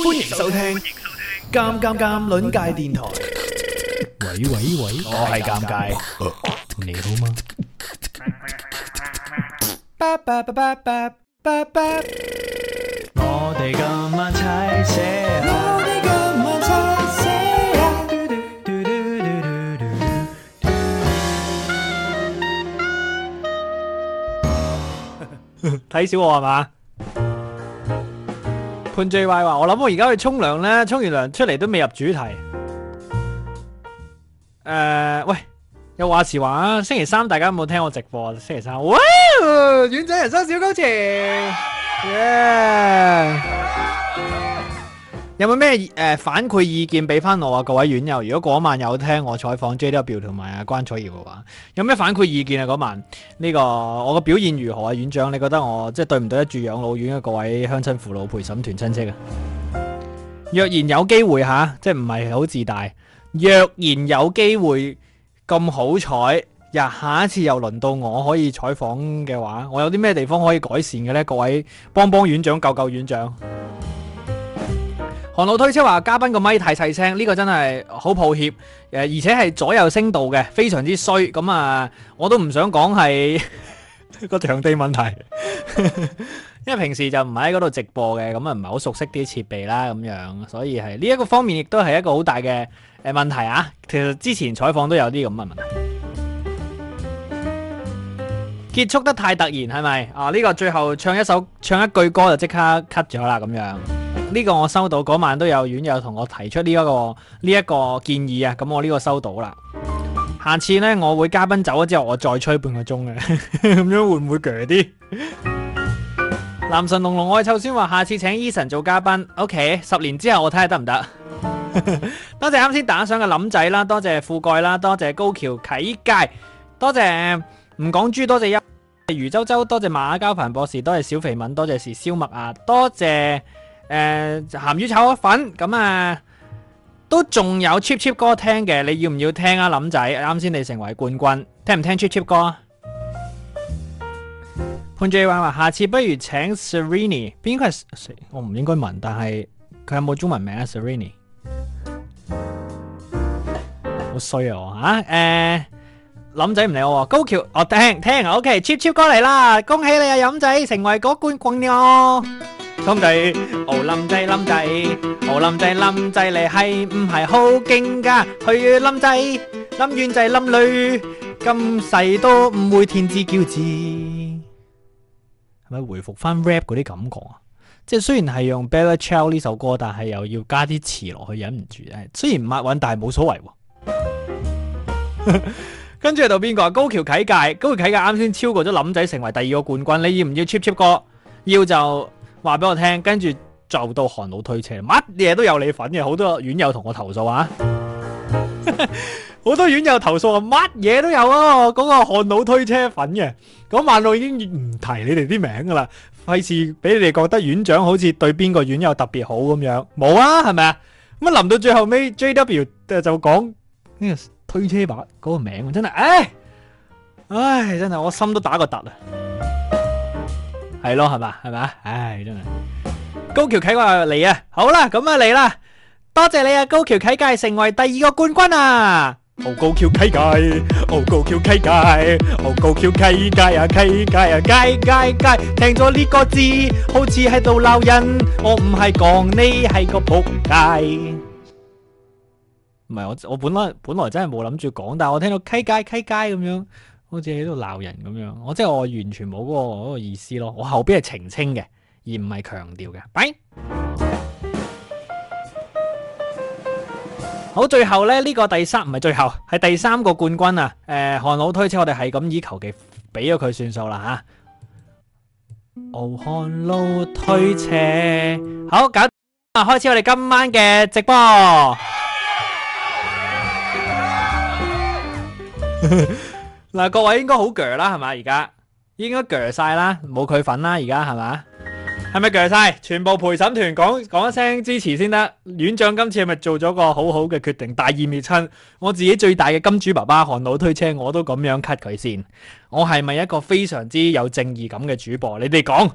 歡迎收聽《尷尷尷》鄰界電台。喂喂喂，我係尷尬，啊尷尬啊。你好嗎？我哋今晚齊些牙，我哋今晚齊些牙啊！睇小我係嘛？判最壞話，我諗我而家去沖涼咧，沖完涼出嚟都未入主題。誒、呃，喂，又說話時話啊，星期三大家有冇聽我直播啊？星期三，哇，遠仔人生小高潮，耶、yeah.！有冇咩誒反饋意見俾翻我啊？各位院友，如果嗰晚有聽我採訪 JW 同埋阿關彩瑤嘅話，有咩反饋意見啊？嗰晚呢，呢個我個表現如何啊？院長，你覺得我即係、就是、對唔對得住養老院嘅各位鄉親父老陪審團親戚啊？若然有機會吓、啊，即係唔係好自大。若然有機會咁好彩，又、啊、下一次又輪到我可以採訪嘅話，我有啲咩地方可以改善嘅呢？各位幫幫院長，救救院長。行路推車話嘉賓個咪太細聲，呢個真係好抱歉，誒而且係左右聲道嘅，非常之衰。咁啊，我都唔想講係個場地問題， 因為平時就唔喺嗰度直播嘅，咁啊唔係好熟悉啲設備啦，咁樣，所以係呢一個方面亦都係一個好大嘅誒問題啊。其實之前採訪都有啲咁嘅問題。結束得太突然係咪？啊，呢、這個最後唱一首唱一句歌就即刻 cut 咗啦咁樣。呢、這個我收到嗰晚都有院友同我提出呢、這、一個呢一、這個建議啊，咁我呢個收到啦。下次呢，我會嘉賓走咗之後我再吹半個鐘嘅，咁 樣會唔會鋸啲？男神龍龍愛臭先話下次請 Eason 做嘉賓，OK？十年之後我睇下得唔得？ 多謝啱先打賞嘅林仔啦，多謝富蓋啦，多謝高橋啟介，多謝唔講豬，多謝余周周多謝馬交鵬博士，多謝小肥敏，多謝是燒麥啊，多謝誒鹹魚炒粉，咁啊都仲有 cheap cheap 歌聽嘅，你要唔要聽啊？林仔啱先你成為冠軍，聽唔聽 cheap cheap 歌啊？潘 J 話： 下次不如請 Serini 邊個係？我唔應該問，但係佢有冇中文名啊 Serini 好衰啊！我、啊、誒。呃林仔唔理我喎，高橋，我聽聽啊，OK，超超哥嚟啦，恭喜你啊，林仔，成為嗰冠冠哦。兄弟，何林仔林仔，何林仔林仔嚟，係唔係好勁噶？去林仔，林遠仔，林女，今世都唔會天之驕子。係咪回復翻 rap 嗰啲感覺啊？即係雖然係用 Better Child 呢首歌，但係又要加啲詞落去，忍唔住咧。雖然唔啱韻，但係冇所謂。跟住到邊個啊？高橋啟介，高橋啟介啱先超過咗林仔成為第二個冠軍。你要唔要 cheap cheap 哥？要就話俾我聽。跟住就到韓老推車，乜嘢都有你份嘅，好多院友同我投訴啊！好 多院友投訴啊，乜嘢都有啊！嗰、那個韓老推車份嘅，嗰萬老已經唔提你哋啲名噶啦，費事俾你哋覺得院長好似對邊個院友特別好咁樣。冇啊，係咪啊？咁啊臨到最後尾，J W 就講呢、yes. 推車把嗰個名真係，唉唉真係，我心都打個突啊！係咯，係嘛，係嘛，唉真係。高橋啟界嚟啊！好啦，咁啊嚟啦，多謝你啊！高橋啟界成為第二個冠軍啊！好高橋啟界，好高橋啟界，好高橋啟界啊！啟界啊！界界界，聽咗呢個字，好似喺度鬧人。我唔係講呢係個仆街。唔係我，我本來本來真係冇諗住講，但係我聽到溪街溪街咁樣，好似喺度鬧人咁樣。我即係我完全冇嗰、嗰個嗰個意思咯。我後邊係澄清嘅，而唔係強調嘅。拜。好，最後呢，呢、呢個第三唔係最後，係第三個冠軍啊！誒、呃，韓老推車，我哋係咁以求其俾咗佢算數啦吓、啊！哦，韓老推車，好，咁啊，開始我哋今晚嘅直播。嗱， 各位應該好鋸啦，係嘛？而家應該鋸晒啦，冇佢份啦，而家係嘛？係咪鋸晒？全部陪審團講講一聲支持先得。院長今次係咪做咗個好好嘅決定？大義滅親，我自己最大嘅金主爸爸韓老推車，我都咁樣 cut 佢先。我係咪一個非常之有正義感嘅主播？你哋講。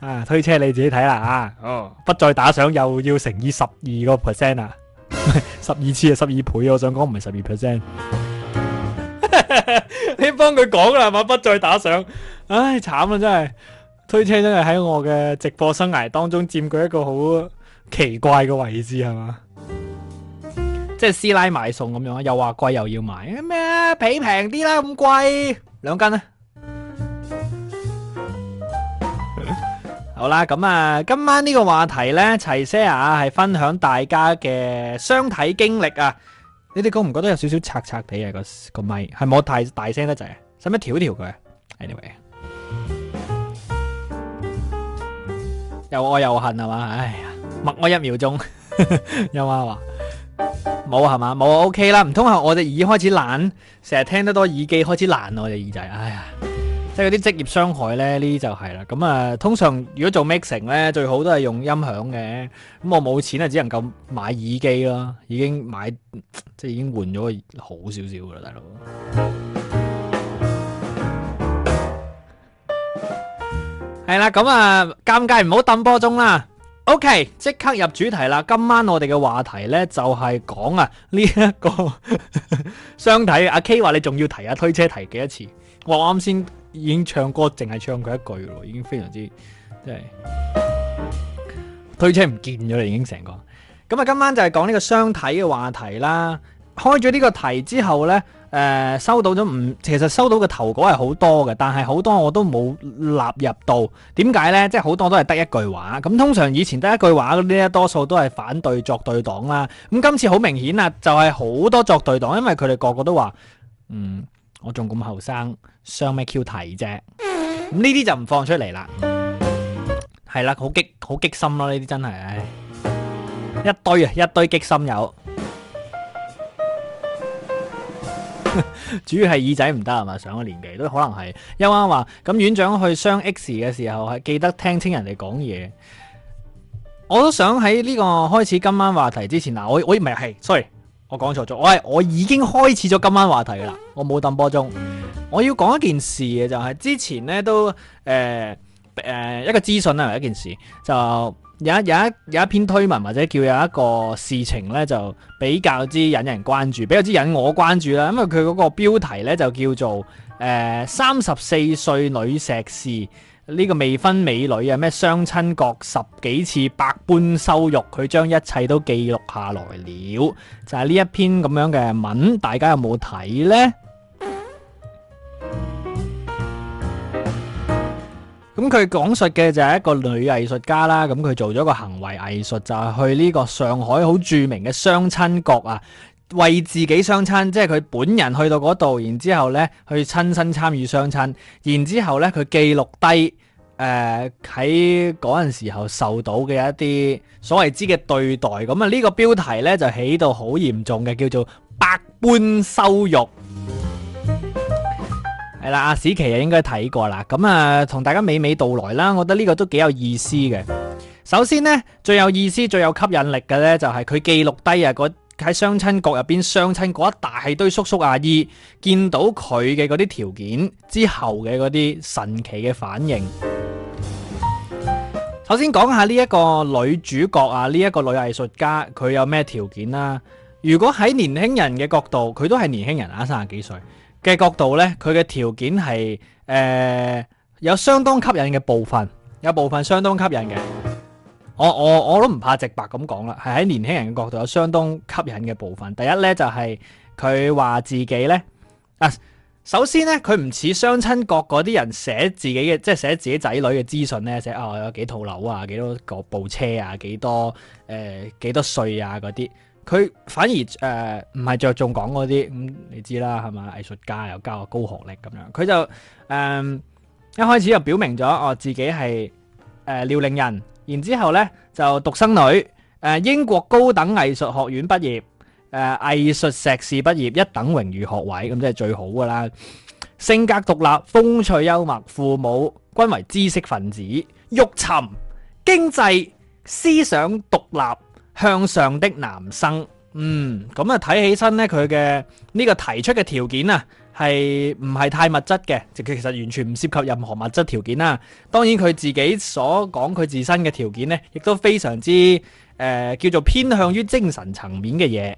啊， 推車你自己睇啦吓，哦，不再打賞又要乘以十二個 percent 啊！ 十二次係十二倍，我想講唔係十二 percent，你幫佢講啦係嘛，不再打賞。唉，慘啊真係，推車真係喺我嘅直播生涯當中佔據一個好奇怪嘅位置係嘛，是即係師奶買餸咁樣，又話貴又要買咩？比平啲啦，咁貴兩斤啊！好啦，咁啊，今晚呢個話題呢齊些牙係分享大家嘅相睇經歷啊。你哋覺唔覺得有少少拆拆地啊？個個咪係冇太大聲得滯，使唔使調一調佢？Anyway， 又愛又恨係嘛？哎呀，默我一秒鐘。 有冇啊？話冇係嘛？冇 OK 啦，唔通係我隻耳開始爛成日聽得多耳機開始爛我隻耳仔？哎呀！即係嗰啲職業傷害咧，呢啲就係啦。咁啊，通常如果做 mixing 咧，最好都係用音響嘅。咁我冇錢啊，就只能夠買耳機咯。已經買即係已經換咗好少少噶啦，大佬。係啦，咁 啊，尷尬唔好抌波鐘啦。OK，即刻入主題啦。今晚我哋嘅話題咧就係、是、講啊呢一、這個相 睇阿 K 話你仲要提下、啊、推車提幾多次？我啱先。已經唱歌，淨係唱佢一句咯，已經非常之即係推車唔見咗啦，已經成個。咁啊，今晚就係講呢個相睇嘅話題啦。開咗呢個題之後呢，誒、呃、收到咗唔，其實收到嘅投稿係好多嘅，但係好多我都冇納入到。點解呢？即係好多都係得一句話。咁通常以前得一句話嗰啲咧，多數都係反對作對黨啦。咁今次好明顯啊，就係好多作對黨，因為佢哋個個都話嗯。我仲咁後生，相咩 Q 睇啫？咁呢啲就唔放出嚟啦。係、嗯、啦，好激好激心咯，呢啲真係，唉，一堆啊，一堆激心友。 主要係耳仔唔得係嘛，上個年紀都可能係。一位話咁，院長去相 X 嘅時候係記得聽清人哋講嘢。我都想喺呢個開始今晚話題之前嗱，我我唔係係，sorry。我講錯咗，我我已經開始咗今晚話題啦，我冇抌波鐘。我要講一件事嘅，就係、是、之前呢，都誒、呃呃、一個資訊啊，一件事，就有一有一有一篇推文或者叫有一個事情呢，就比較之引人關注，比較之引我關注啦，因為佢嗰個標題呢，就叫做誒三十四歲女碩士。呢個未婚美女啊，咩相親角十幾次百般羞辱，佢將一切都記錄下來了，就係呢一篇咁樣嘅文，大家有冇睇呢？咁佢講述嘅就係一個女藝術家啦，咁佢做咗個行為藝術，就係去呢個上海好著名嘅相親角啊。為自己相親，即係佢本人去到嗰度，然之後呢去親身參與相親，然之後呢佢記錄低，誒喺嗰陣時候受到嘅一啲所謂之嘅對待，咁啊呢個標題呢，就起到好嚴重嘅，叫做百般羞辱。係啦，阿史奇啊，應該睇過啦。咁啊，同大家娓娓道來啦，我覺得呢個都幾有意思嘅。首先呢，最有意思、最有吸引力嘅呢，就係佢記錄低啊喺相親局入邊，相親嗰一大堆叔叔阿姨見到佢嘅嗰啲條件之後嘅嗰啲神奇嘅反應。首先講下呢一個女主角啊，呢、這、一個女藝術家，佢有咩條件啦？如果喺年輕人嘅角度，佢都係年輕人啊，三十幾歲嘅角度呢，佢嘅條件係誒、呃、有相當吸引嘅部分，有部分相當吸引嘅。我我我都唔怕直白咁講啦，係喺年輕人嘅角度有相當吸引嘅部分。第一咧就係佢話自己咧，啊首先咧佢唔似相親角嗰啲人寫自己嘅，即係寫自己仔女嘅資訊咧，寫啊有幾套樓啊，幾多個部車啊，幾多誒、呃、幾多歲啊嗰啲。佢反而誒唔係着重講嗰啲，咁、嗯、你知啦，係咪藝術家又交個高學歷咁樣。佢就誒、呃、一開始就表明咗我自己係誒遼寧人。然之後呢，就獨生女、呃，英國高等藝術學院畢業，誒藝術碩士畢業一等榮譽學位，咁即係最好㗎喇。性格獨立，風趣幽默，父母均為知識分子，欲尋經濟思想獨立向上的男生。嗯，咁啊睇起身呢，佢嘅呢個提出嘅條件啊。係唔係太物質嘅？就其實完全唔涉及任何物質條件啦。當然佢自己所講佢自身嘅條件呢，亦都非常之誒、呃、叫做偏向於精神層面嘅嘢。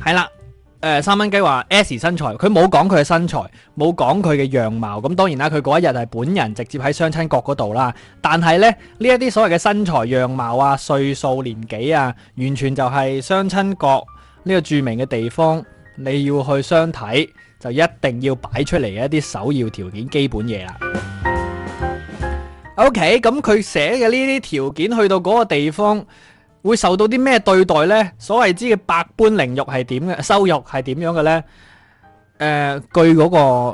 係啦、 呃，三蚊雞話 S 身材，佢冇講佢嘅身材，冇講佢嘅樣貌。咁當然啦，佢嗰一日係本人直接喺相親角嗰度啦。但係呢，呢一啲所謂嘅身材、樣貌啊、歲數、年紀啊，完全就係相親角呢個著名嘅地方。你要去相睇，就一定要擺出嚟一啲首要條件基本嘢啦。OK，咁佢寫嘅呢啲條件去到嗰個地方，會受到啲咩對待呢？所謂之嘅百般凌辱係點嘅？收入係點樣嘅呢？誒、呃，據嗰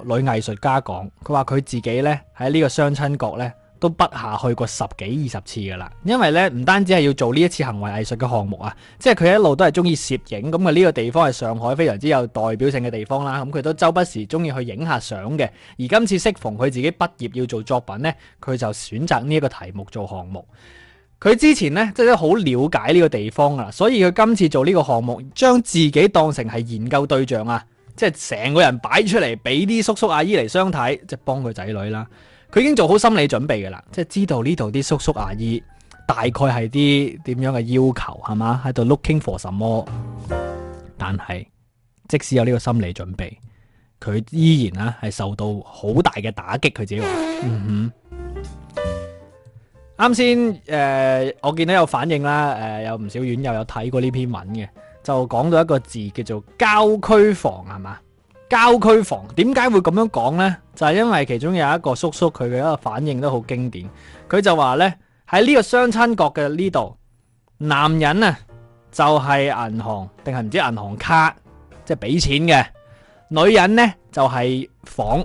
個女藝術家講，佢話佢自己呢，喺呢個相親角呢，都不下去過十幾二十次噶啦，因為咧唔單止係要做呢一次行為藝術嘅項目啊，即係佢一路都係中意攝影，咁啊呢個地方係上海非常之有代表性嘅地方啦，咁佢都周不時中意去影下相嘅。而今次適逢佢自己畢業要做作品呢，佢就選擇呢一個題目做項目。佢之前呢，即係都好了解呢個地方啊，啦，所以佢今次做呢個項目，將自己當成係研究對象啊，即係成個人擺出嚟俾啲叔叔阿姨嚟相睇，即係幫佢仔女啦。佢已經做好心理準備嘅啦，即係知道呢度啲叔叔阿姨大概係啲點樣嘅要求係嘛，喺度 looking for 什麼。但係即使有呢個心理準備，佢依然咧係受到好大嘅打擊。佢自己話，嗯哼。啱先誒，我見到有反應啦，誒、呃，有唔少院友有睇過呢篇文嘅，就講到一個字叫做郊區房，係嘛？郊區房點解會咁樣講呢？就係、是、因為其中有一個叔叔佢嘅一個反應都好經典，佢就話呢：「喺呢個相親角嘅呢度，男人啊就係、是、銀行定係唔知銀行卡即係俾錢嘅，女人呢，就係、是、房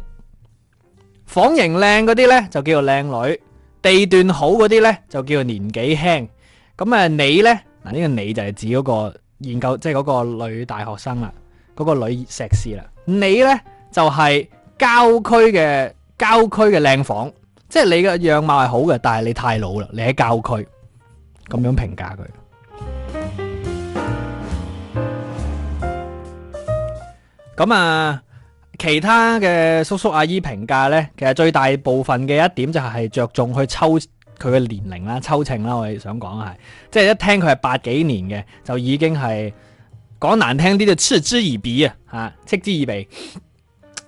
房型靚嗰啲呢，就叫做靚女，地段好嗰啲呢，就叫做年紀輕。咁你呢，嗱，呢個你就係指嗰個研究即係嗰個女大學生啦，嗰、那個女碩士啦。你呢，就係、是、郊區嘅郊區嘅靚房，即係你嘅樣貌係好嘅，但係你太老啦，你喺郊區，咁樣評價佢。咁、嗯、啊，其他嘅叔叔阿姨評價呢，其實最大部分嘅一點就係着重去抽佢嘅年齡啦、抽秤啦，我哋想講係，即係一聽佢係八幾年嘅就已經係。講難聽啲就嗤之以鼻啊，吓嗤之以鼻。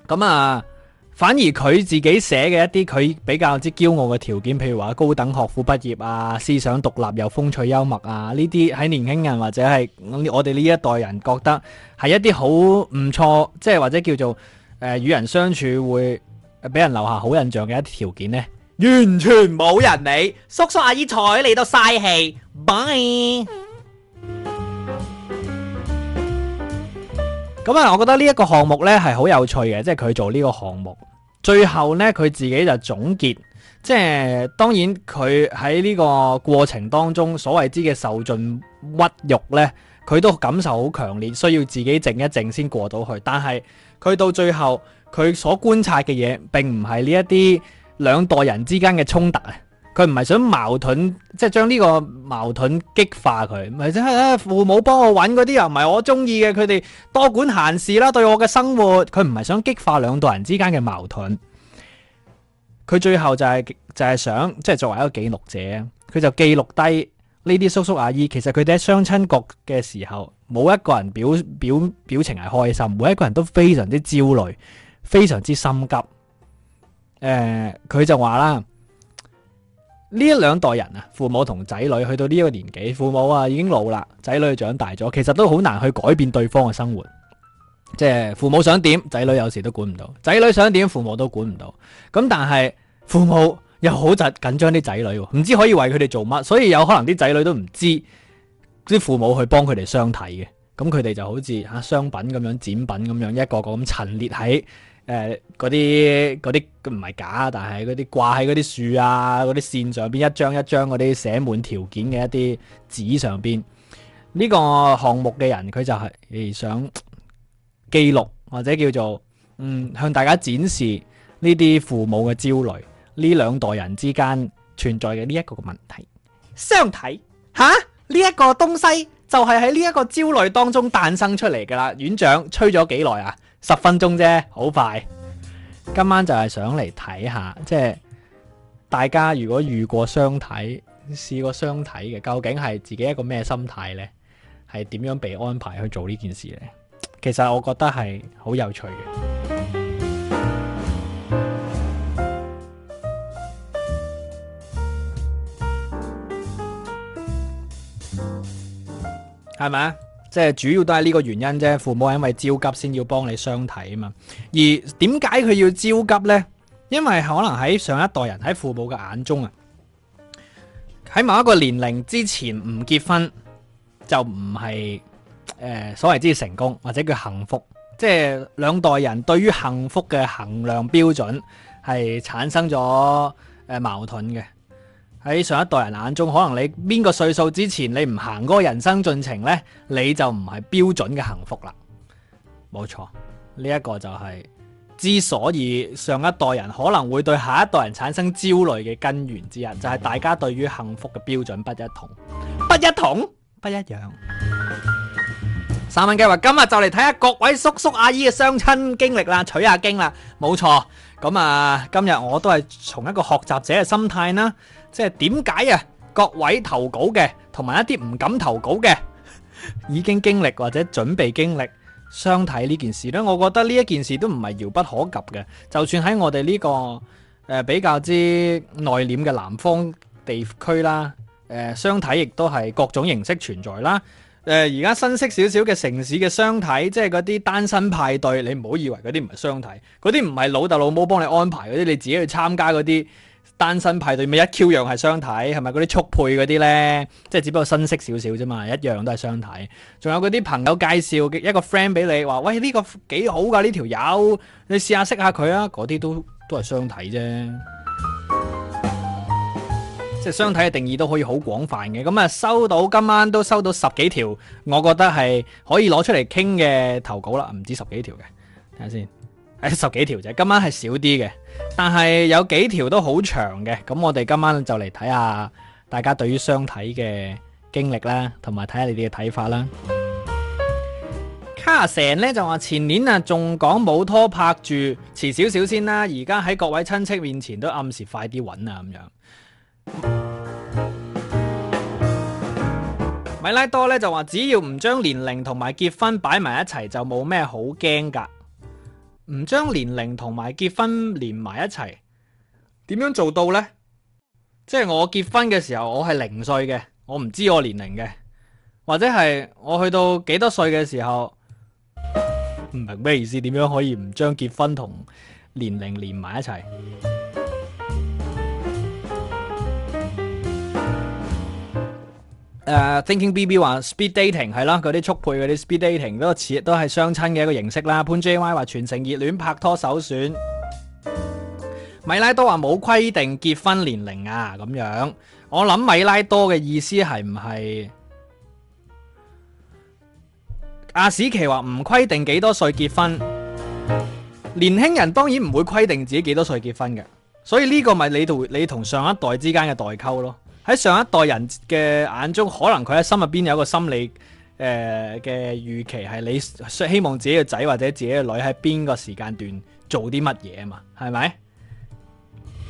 咁啊，啊，反而佢自己寫嘅一啲佢比較之驕傲嘅條件，譬如話高等學府畢業啊，思想獨立又風趣幽默啊，呢啲喺年輕人或者係我哋呢一代人覺得係一啲好唔錯，即係或者叫做誒與、呃、人相處會俾人留下好印象嘅一啲條件呢，完全冇人理。叔叔阿姨睬你都嘥氣。Bye。咁啊，我覺得呢一個項目呢係好有趣嘅，即係佢做呢個項目，最後呢，佢自己就總結，即係當然佢喺呢個過程當中所謂之嘅受盡屈辱呢，佢都感受好強烈，需要自己靜一靜先過到去。但係佢到最後，佢所觀察嘅嘢並唔係呢一啲兩代人之間嘅衝突啊。佢唔係想矛盾，即係將呢個矛盾激化佢，唔係即係父母幫我揾嗰啲又唔係我中意嘅，佢哋多管閒事啦，對我嘅生活，佢唔係想激化兩代人之間嘅矛盾。佢最後就係、是、就係、是、想，即、就、係、是、作為一個記錄者，佢就記錄低呢啲叔叔阿姨，其實佢哋喺相親局嘅時候，冇一個人表表表情係開心，每一個人都非常之焦慮，非常之心急。誒、呃，佢就話啦。呢一兩代人啊，父母同仔女去到呢個年紀，父母啊已經老啦，仔女長大咗，其實都好難去改變對方嘅生活。即係父母想點，仔女有時都管唔到；仔女想點，父母都管唔到。咁但係父母又好緊張啲仔女，唔知可以為佢哋做乜，所以有可能啲仔女都唔知啲父母去幫佢哋相睇嘅。咁佢哋就好似商品咁樣展品咁樣一個個咁陳列喺。誒，嗰啲嗰啲唔係假，但係嗰啲掛喺嗰啲樹啊、嗰啲線上邊一張一張嗰啲寫滿條件嘅一啲紙上邊，呢、呢個項目嘅人佢就係、係呃、想記錄或者叫做嗯向大家展示呢啲父母嘅焦慮，呢兩代人之間存在嘅呢一個問題。相睇吓，呢一、呢個東西就係喺呢一個焦慮當中誕生出嚟噶啦。院長吹咗幾耐啊？十分鐘啫，好快。今晚就係想嚟睇下，即係大家如果遇過相睇，試過相睇嘅，究竟係自己一個咩心態呢？係點樣被安排去做呢件事呢？其實我覺得係好有趣嘅，係咪啊？ 即係主要都係呢個原因啫，父母係因為焦急先要幫你相睇啊嘛。而點解佢要焦急呢？因為可能喺上一代人喺父母嘅眼中啊，喺某一個年齡之前唔結婚就唔係誒所謂之成功或者叫幸福。即係兩代人對於幸福嘅衡量標準係產生咗誒矛盾嘅。喺上一代人眼中，可能你邊個歲數之前你唔行嗰個人生進程呢，你就唔係標準嘅幸福啦。冇錯，呢、這、一個就係、是、之所以上一代人可能會對下一代人產生焦慮嘅根源之一，就係、是、大家對於幸福嘅標準不一同，不一同，不一樣。三文計劃，今日就嚟睇下，各位叔叔阿姨嘅相親經歷啦，取下經啦。冇錯，咁啊，今日我都係從一個學習者嘅心態啦。即係點解啊？各位投稿嘅同埋一啲唔敢投稿嘅，已經經歷或者準備經歷相睇呢件事呢，我覺得呢一件事都唔係遙不可及嘅。就算喺我哋呢個比較之內斂嘅南方地區啦，誒相睇亦都係各種形式存在啦、呃。而家新式少少嘅城市嘅相睇，即係嗰啲單身派對，你唔好以為嗰啲唔係相睇，嗰啲唔係老豆老母幫你安排嗰啲，你自己去參加嗰啲。單身派對咪一 Q 樣係相睇，係咪嗰啲速配嗰啲呢？即係只不過新識少少啫嘛，一樣都係相睇。仲有嗰啲朋友介紹一個 friend 俾你，話喂呢個幾好噶呢條友，你試下識下佢啊！嗰啲都都係相睇啫。即係相睇嘅定義都可以好廣泛嘅。咁啊，收到今晚都收到十幾條，我覺得係可以攞出嚟傾嘅投稿啦，唔止十幾條嘅。睇下先。十幾條啫，今晚係少啲嘅，但係有幾條都好長嘅。咁我哋今晚就嚟睇下大家對於相睇嘅經歷啦，同埋睇下你哋嘅睇法啦。卡成呢就話前年啊仲講冇拖拍住，遲少少先啦。而家喺各位親戚面前都暗示快啲揾啊咁樣。米拉多呢就話只要唔將年齡同埋結婚擺埋一齊，就冇咩好驚㗎。唔將年齡同埋結婚連埋一齊，點樣做到呢？即係我結婚嘅時候，我係零歲嘅，我唔知我年齡嘅，或者係我去到幾多歲嘅時候，唔明咩意思？點樣可以唔將結婚同年齡連埋一齊？誒、uh,，Thinking B B 話 speed dating 係咯，嗰啲速配嗰啲 speed dating 嗰個都係相親嘅一個形式啦。潘 J Y 話全城熱戀拍拖首選，米拉多話冇規定結婚年齡啊，咁樣我諗米拉多嘅意思係唔係阿史奇話唔規定幾多歲結婚，年輕人當然唔會規定自己幾多歲結婚嘅，所以呢個咪你同你同上一代之間嘅代溝咯。喺上一代人嘅眼中，可能佢喺心入邊有一個心理，誒嘅預期係你希望自己嘅仔或者自己嘅女喺邊個時間段做啲乜嘢啊嘛，係咪？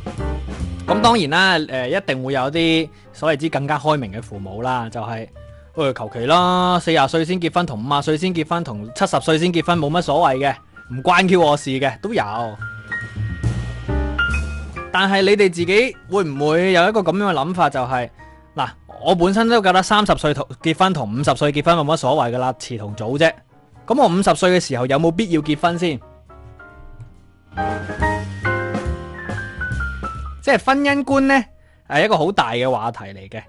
咁、嗯、當然啦，誒、呃、一定會有啲所謂之更加開明嘅父母啦，就係喂求其啦，四十歲先結婚，同五十歲先結婚，同七十歲先結婚冇乜所謂嘅，唔關 Q 我事嘅，都有。但係你哋自己會唔會有一個咁樣嘅諗法？就係，嗱，我本身都覺得三十歲同結婚同五十歲結婚冇乜所謂噶啦，遲同早啫。咁我五十歲嘅時候有冇必要結婚先？ 即係婚姻觀呢係一個好大嘅話題嚟嘅。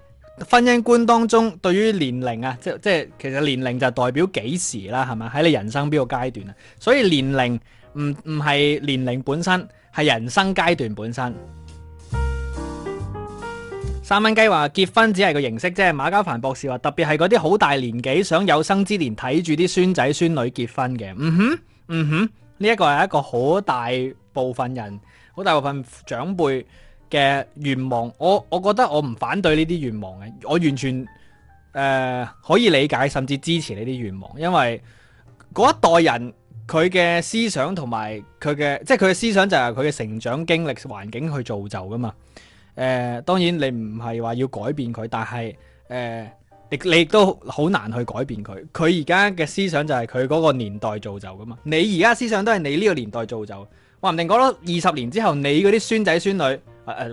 婚姻觀當中，對於年齡啊，即即係其實年齡就代表幾時啦，係咪？喺你人生邊個階段啊？所以年齡。唔唔係年齡本身，係人生階段本身。三蚊雞話結婚只係個形式，即係馬家凡博士話，特別係嗰啲好大年紀想有生之年睇住啲孫仔孫女結婚嘅。嗯哼，嗯哼，呢一個係一個好大部分人，好大部分長輩嘅願望。我我覺得我唔反對呢啲願望嘅，我完全誒、呃、可以理解，甚至支持呢啲願望，因為嗰一代人。佢嘅思想同埋佢嘅，即係佢嘅思想就係佢嘅成長經歷環境去造就㗎嘛。誒、呃，當然你唔係話要改變佢，但係誒、呃，你你亦都好難去改變佢。佢而家嘅思想就係佢嗰個年代造就㗎嘛。你而家思想都係你呢個年代造就，話唔定講咗二十年之後，你嗰啲孫仔孫女，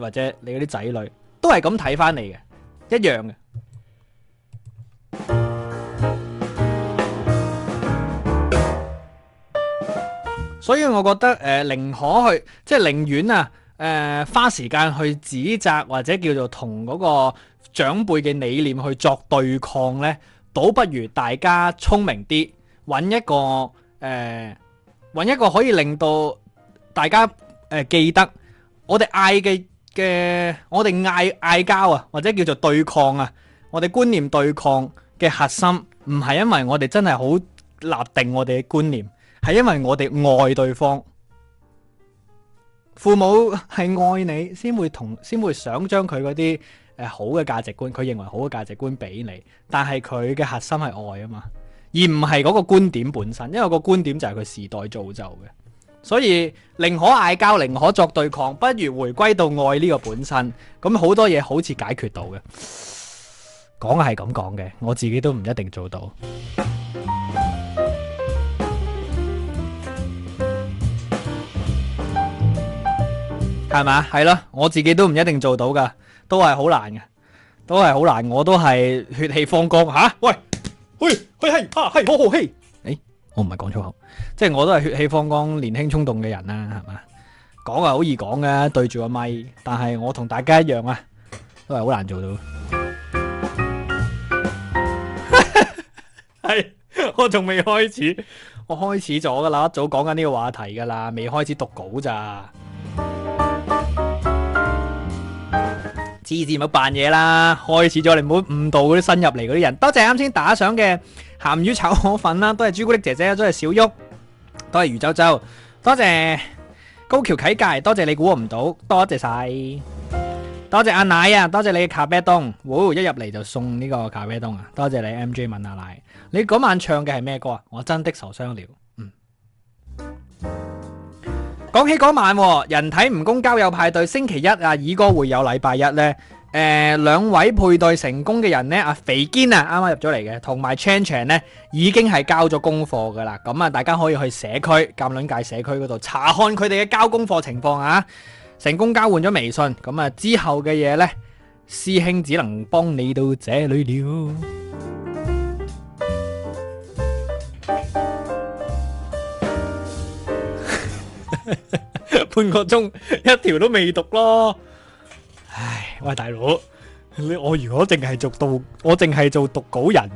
或者你嗰啲仔女都係咁睇返你嘅，一樣嘅。所以我覺得誒，寧、呃、可去即係寧願啊，誒、呃、花時間去指責或者叫做同嗰個長輩嘅理念去作對抗呢，倒不如大家聰明啲，揾一個誒，揾、呃、一個可以令到大家誒、呃、記得我哋嗌嘅嘅，我哋嗌嗌交啊，或者叫做對抗啊，我哋觀念對抗嘅核心唔係因為我哋真係好立定我哋嘅觀念。係因為我哋愛對方，父母係愛你先會同先會想將佢嗰啲誒好嘅價值觀，佢認為好嘅價值觀俾你。但係佢嘅核心係愛啊嘛，而唔係嗰個觀點本身，因為個觀點就係佢時代造就嘅。所以寧可嗌交，寧可作對抗，不如回歸到愛呢個本身。咁好多嘢好似解決到嘅，講係咁講嘅，我自己都唔一定做到。係嘛？係咯，我自己都唔一定做到噶，都係好難嘅，都係好難。我都係血氣方剛吓，喂，嘿，嘿，啊，好好嘿。誒、欸，我唔係講粗口，即係我都係血氣方剛、年輕衝動嘅人啦，係嘛？講啊，好易講嘅，對住個咪。但係我同大家一樣啊，都係好難做到。係， 我仲未開始，我開始咗噶啦，一早講緊呢個話題噶啦，未開始讀稿咋。知次唔好扮嘢啦，開始咗，你唔好誤導嗰啲新入嚟嗰啲人。多謝啱先打賞嘅鹹魚炒河粉啦，都係朱古力姐姐，都係小旭，都係余周周，多謝高橋啟介，多謝你估唔到，多謝晒，多謝阿奶啊，多謝你嘅咖啡凍，喎，一入嚟就送呢個咖啡凍啊，多謝你 M J 問阿奶，你嗰晚唱嘅係咩歌啊？我真的受傷了。講起嗰晚人體蜈蚣交友派對，星期一啊，二哥會有禮拜一呢。誒、呃，兩位配對成功嘅人呢，阿肥堅啊，啱啱入咗嚟嘅，同埋 Chan Chan 呢，已經係交咗功課噶啦。咁啊，大家可以去社區鑒卵界社區嗰度查看佢哋嘅交功課情況啊。成功交換咗微信，咁啊之後嘅嘢呢，師兄只能幫你到這裏了。 半個鐘一條都未讀咯，唉，喂，大佬，你我如果淨係做讀，我淨係做讀稿人，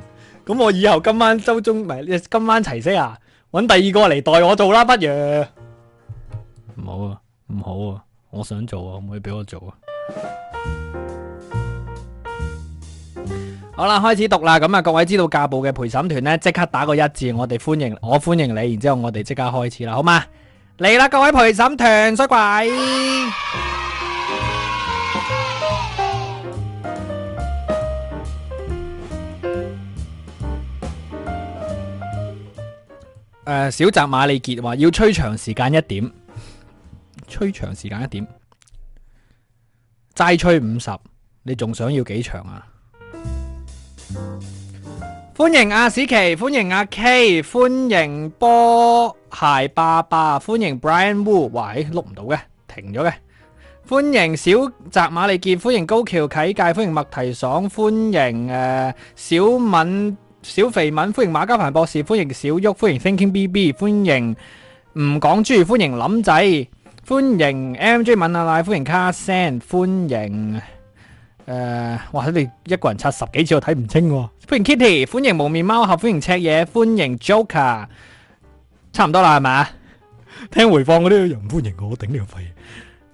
咁我以後今晚周中唔係，今晚齊西啊，揾第二個嚟代我做啦，不如唔好啊，唔好啊，我想做啊，可唔可以俾我做啊？好啦，開始讀啦，咁啊，各位知道《家報》嘅陪審團呢，即刻打個一字，我哋歡迎，我歡迎你，然之後我哋即刻開始啦，好嘛？嚟啦，各位陪審團，衰鬼、 呃，小澤馬利杰話要吹長時間一點，吹長時間一點，齋吹五十，你仲想要幾長啊？歡迎阿史琪，歡迎阿 K，歡迎波鞋爸爸，歡迎 Brian Wu，哇，喂錄唔到嘅，停咗嘅。歡迎小澤馬利傑，歡迎高橋啟介，歡迎麥提爽，歡迎誒小敏小肥敏，歡迎馬嘉凡博士，歡迎小旭，歡迎 Thinking BB，歡迎唔講豬，歡迎林仔，歡迎 M J 敏阿奶，歡迎卡 San，歡迎。誒，uh, 哇！你一個人刷十幾次，我睇唔清喎，啊。歡迎 Kitty，歡迎無面貓俠，歡迎赤野，歡迎 Joker，差唔多啦，係咪？ 聽回放嗰啲又唔歡迎我頂，頂你個肺！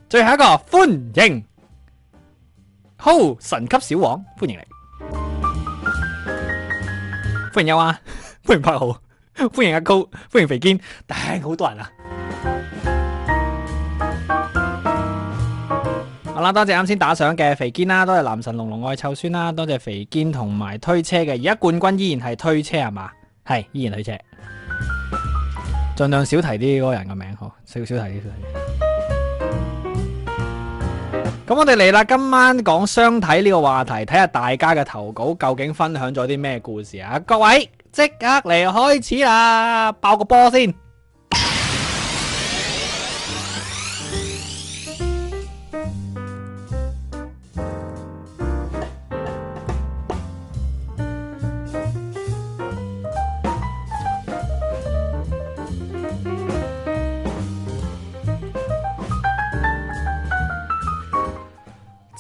最後一個歡迎，好神級小王，歡迎你。 歡迎有啊，歡迎柏豪， 歡迎阿高，歡迎肥堅，但係好多人啊。啦，多謝啱先打賞嘅肥堅啦，多謝男神龍龍愛臭酸啦，多謝肥堅同埋推車嘅，而家冠軍依然係推車係嘛？係，依然推車。盡量少提啲嗰個人嘅名好，少少提啲。咁 我哋嚟啦，今晚講相睇呢個話題，睇下大家嘅投稿究竟分享咗啲咩故事啊！各位即刻嚟開始啦，爆個波先。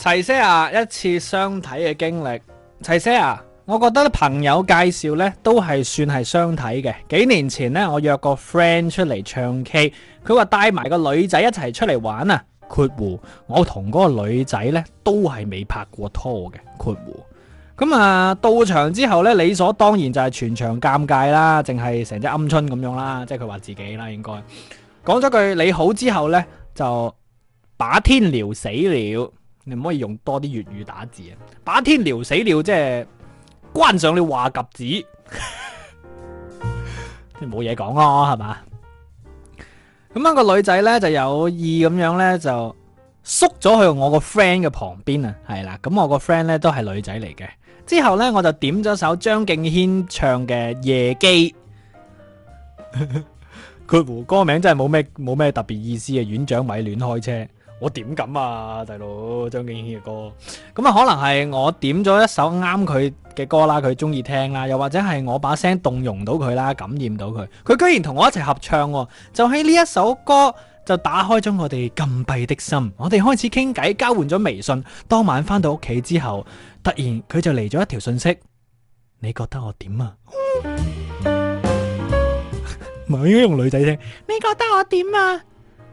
齊些牙，一次相睇嘅經歷。齊些牙，我覺得朋友介紹呢都係算係相睇嘅。幾年前呢，我約個 friend 出嚟唱 K，佢話帶埋個女仔一齊出嚟玩啊。括弧，我同嗰個女仔呢都係未拍過拖嘅。括弧咁啊，到場之後呢，理所當然就係全場尷尬啦，淨係成隻鵪鶉咁樣啦。即係佢話自己啦，應該講咗句你好之後呢，就把天聊死了。你唔可以用多啲粵語打字啊！把天聊死了，即係關上了話夾子，你冇嘢講咯，係嘛，啊？咁樣，個女仔呢，就有意咁樣呢，就縮咗去我個 friend 嘅旁邊啊，係啦。咁我個 friend 呢，都係女仔嚟嘅。之後呢，我就點咗首張敬軒唱嘅《夜機》呵呵，括弧歌名真係冇咩冇咩特別意思嘅。院長咪亂開車。我點敢啊，大佬，張敬軒嘅歌，咁啊可能係我點咗一首啱佢嘅歌啦，佢中意聽啦，又或者係我把聲動容到佢啦，感染到佢，佢居然同我一齊合唱，就喺呢一首歌就打開咗我哋禁閉的心，我哋開始傾偈，交換咗微信。當晚翻到屋企之後，突然佢就嚟咗一條信息，你覺得我點啊？唔係、嗯、 應該用女仔聽，你覺得我點啊？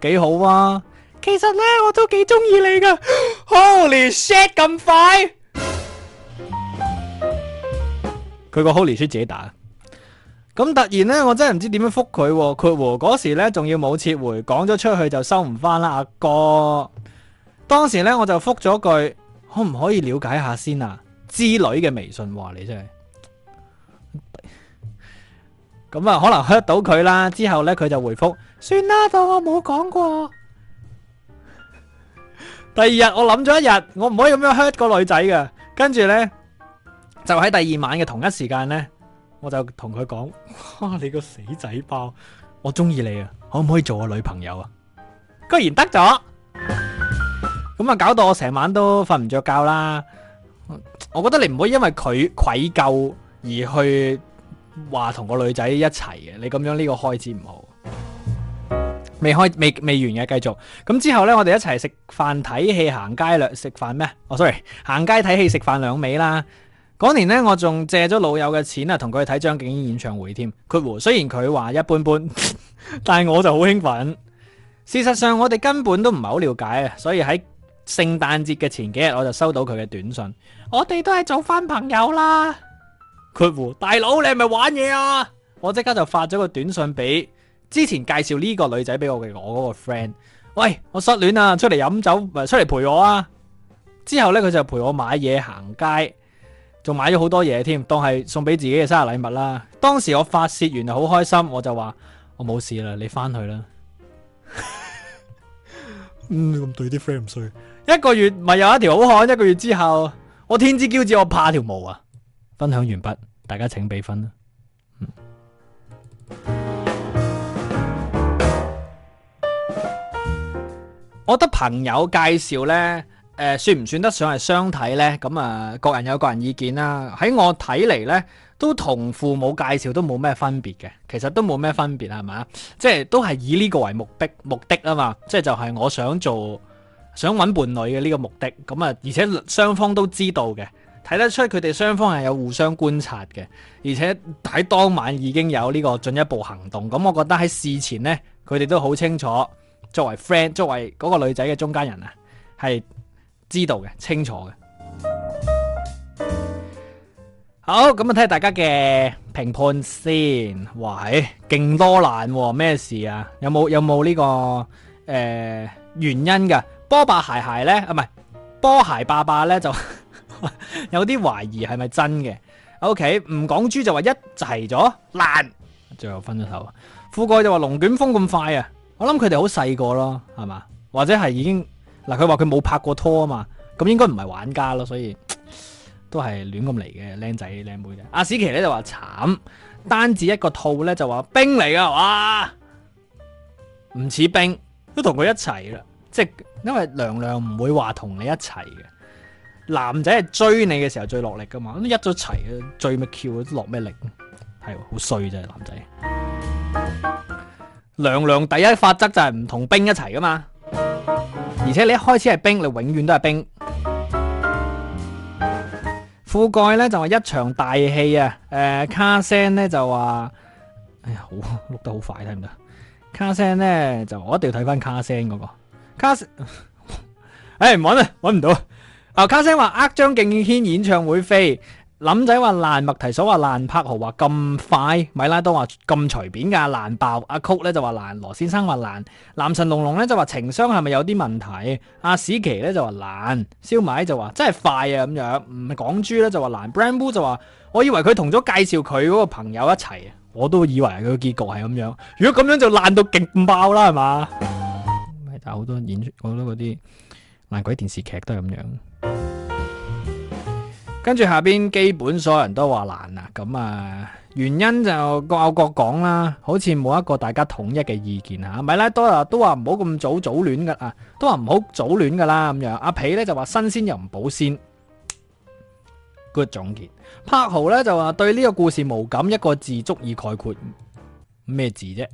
幾好啊！其實咧，我都幾中意你噶。Holy shit！咁快，佢個 Holy shit 自己打。咁突然呢，我真係唔知點樣覆佢、啊。括弧嗰時呢，仲要冇撤回，講咗出去就收唔翻啦，阿哥。當時呢，我就覆咗句：可唔可以了解下先啊？之女嘅微信話你真係。咁 啊，可能 hurt 到佢啦。之後呢，佢就回覆：算啦，當我冇講過。第二日我諗咗一日，我唔可以咁樣 hurt 個女仔嘅。跟住呢，就喺第二晚嘅同一時間呢，我就同佢講：哇，你個死仔包，我中意你啊，可唔可以做我女朋友啊？居然得咗，咁啊 搞到我成晚都瞓唔着覺啦。我覺得你唔可以因為佢愧疚而去話同個女仔一齊嘅，你咁樣呢個開始唔好。未開未未完嘅，繼續咁之後呢，我哋一齊食飯、睇戲、行街嘞。食飯咩？哦、oh，sorry，行街睇戲食飯兩味啦。嗰年呢，我仲借咗老友嘅錢啊，同佢去睇張敬軒演唱會添。括弧，雖然佢話一般般，但係我就好興奮。事實上，我哋根本都唔係好了解啊，所以喺聖誕節嘅前幾日，我就收到佢嘅短信，我哋都係做翻朋友啦。括弧，大佬你係咪玩嘢？啊，我即刻就發咗個短信俾之前介紹呢個女仔俾我嘅我嗰個 friend，喂，我失戀啦，出嚟飲酒，出嚟陪我啊！之後呢，佢就陪我買嘢行街，仲買咗好多嘢添，當係送俾自己嘅生日禮物啦。當時我發洩完又好開心，我就話我冇事啦，你翻去啦。 嗯，嗯咁對啲 friend 唔衰，一個月咪有一條好漢。一個月之後，我天之驕子，我怕條毛啊！分享完畢，大家請俾分啦。我覺得朋友介紹呢，誒、呃、算唔算得上係相睇呢？咁啊，各人有各人意見啦，啊。喺我睇嚟呢，都同父母介紹都冇咩分別嘅，其實都冇咩分別係咪？即係、就係、都係以呢個為目的，目的啊嘛。即係就係、係、我想做想揾伴侶嘅呢個目的。咁啊，而且雙方都知道嘅，睇得出佢哋雙方係有互相觀察嘅，而且喺當晚已經有呢個進一步行動。咁我覺得喺事前呢，佢哋都好清楚。作為 friend，作為嗰個女仔嘅中間人啊，係知道嘅，清楚嘅。好，咁啊睇下大家嘅評判先。哇，係勁多爛，咩事啊？有冇有冇呢、這個誒、呃、原因噶？波霸鞋鞋咧，啊唔係波鞋霸霸咧，okay, 就有啲懷疑係咪真嘅？O K，唔講豬就話一齊咗爛，最後分咗手。富蓋就話龍捲風咁快啊！我諗佢哋好細個咯，係嘛？或者係已經嗱，佢話佢冇拍過拖啊嘛，咁應該唔係玩家咯，所以都係亂咁嚟嘅靚仔靚妹嘅。阿史奇咧就話慘，單止一個套咧就話冰嚟噶，哇！唔似冰，都同佢一齊啦，即係因為娘娘唔會話同你一齊嘅。男仔係追你嘅時候最落力噶嘛，咁一早齊，最咩 Q 落咩力？係好衰啫，男仔。娘娘第一法則就係唔同兵一齊噶嘛，而且你一開始係兵，你永遠都係兵。副 蓋咧就係一場大戲啊，誒、呃、卡聲咧就話，哎呀好錄得好快睇唔得。卡聲咧就我一定要睇翻卡聲嗰、那個卡聲，誒，唔揾啦，揾唔到，啊、哦、卡聲話呃張敬軒演唱會飛。林仔話爛，麥提所話爛，柏豪話咁快，米拉多話咁隨便噶，爛爆阿曲咧就話爛，羅先生話爛，藍神龍龍咧就話情商係咪有啲問題？阿、啊、史奇咧就話爛，燒米就話真係快啊咁樣，唔係港豬咧就話爛 Brambo 就話，我以為佢同咗介紹佢嗰個朋友一齊，我都以為佢嘅結局係咁樣，如果咁樣就爛到極爆啦係嘛？咪但好多演好多嗰啲爛鬼電視劇都係咁樣。跟住下邊，基本所有人都話難啦、啊，咁啊原因就各有各講啦，好似冇一個大家統一嘅意見吓、啊。米拉多啊都話唔好咁早早戀噶啊，都話唔好早戀噶啦咁樣。阿、啊、皮呢就話新鮮又唔保鮮，Good 總結。柏豪呢就話對呢個故事無感，一個字足以概括，咩字啫？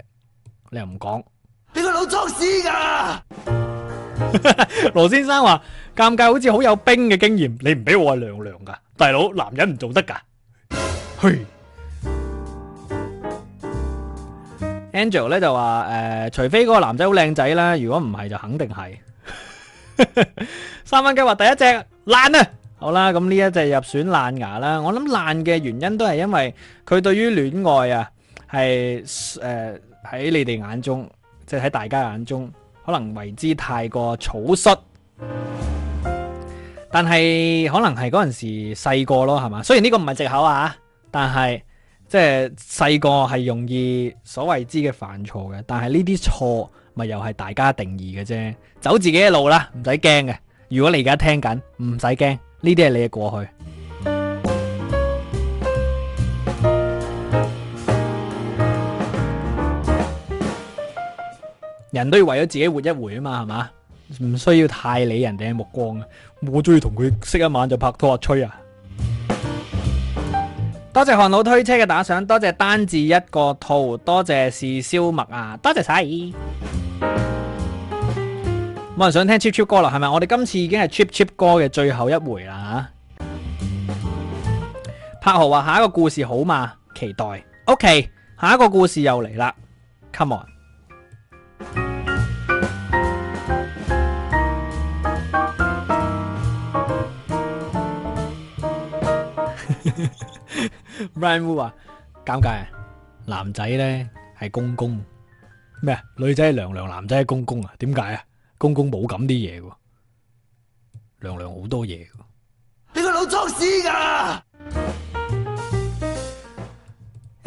你又唔講？你個老裝屎噶！羅先生話：尷尬，好似好有兵嘅經驗，你唔俾我係娘娘噶，大佬男人唔做得噶。Angel 咧就話：誒，除非嗰個男仔好靚仔啦，如果唔係就肯定係三蚊計劃第一隻爛啊！好啦，咁呢一隻入選爛牙啦，我諗爛嘅原因都係因為佢對於戀愛啊，係誒喺你哋眼中，即係喺大家眼中。可能為之太過草率，但係可能係嗰陣時細個咯，係嘛？雖然呢個唔係借口啊，但係即係細個係容易所謂之嘅犯錯嘅，但係呢啲錯咪又係大家定義嘅啫。走自己嘅路啦，唔使驚嘅。如果你而家聽緊，唔使驚，呢啲係你嘅過去。人都要為咗自己活一回啊嘛，係嘛？唔需要太理人哋嘅目光。我中意同佢識一晚就拍拖啊，吹啊！多謝韓老推車嘅打賞，多謝單字一個圖，多謝是燒麥啊，多謝晒。冇人想聽 cheap cheap 歌啦，係咪？我哋今次已經係 cheap cheap 歌嘅最後一回啦吓。柏豪話下一個故事好嘛？期待。OK，下一個故事又嚟啦，Come on！Ryan 話：尷尬啊！男仔咧係公公，咩啊？女仔係娘娘，男仔係公公啊？點解啊？公公冇咁啲嘢嘅，娘娘好多嘢嘅。你個腦裝屎噶！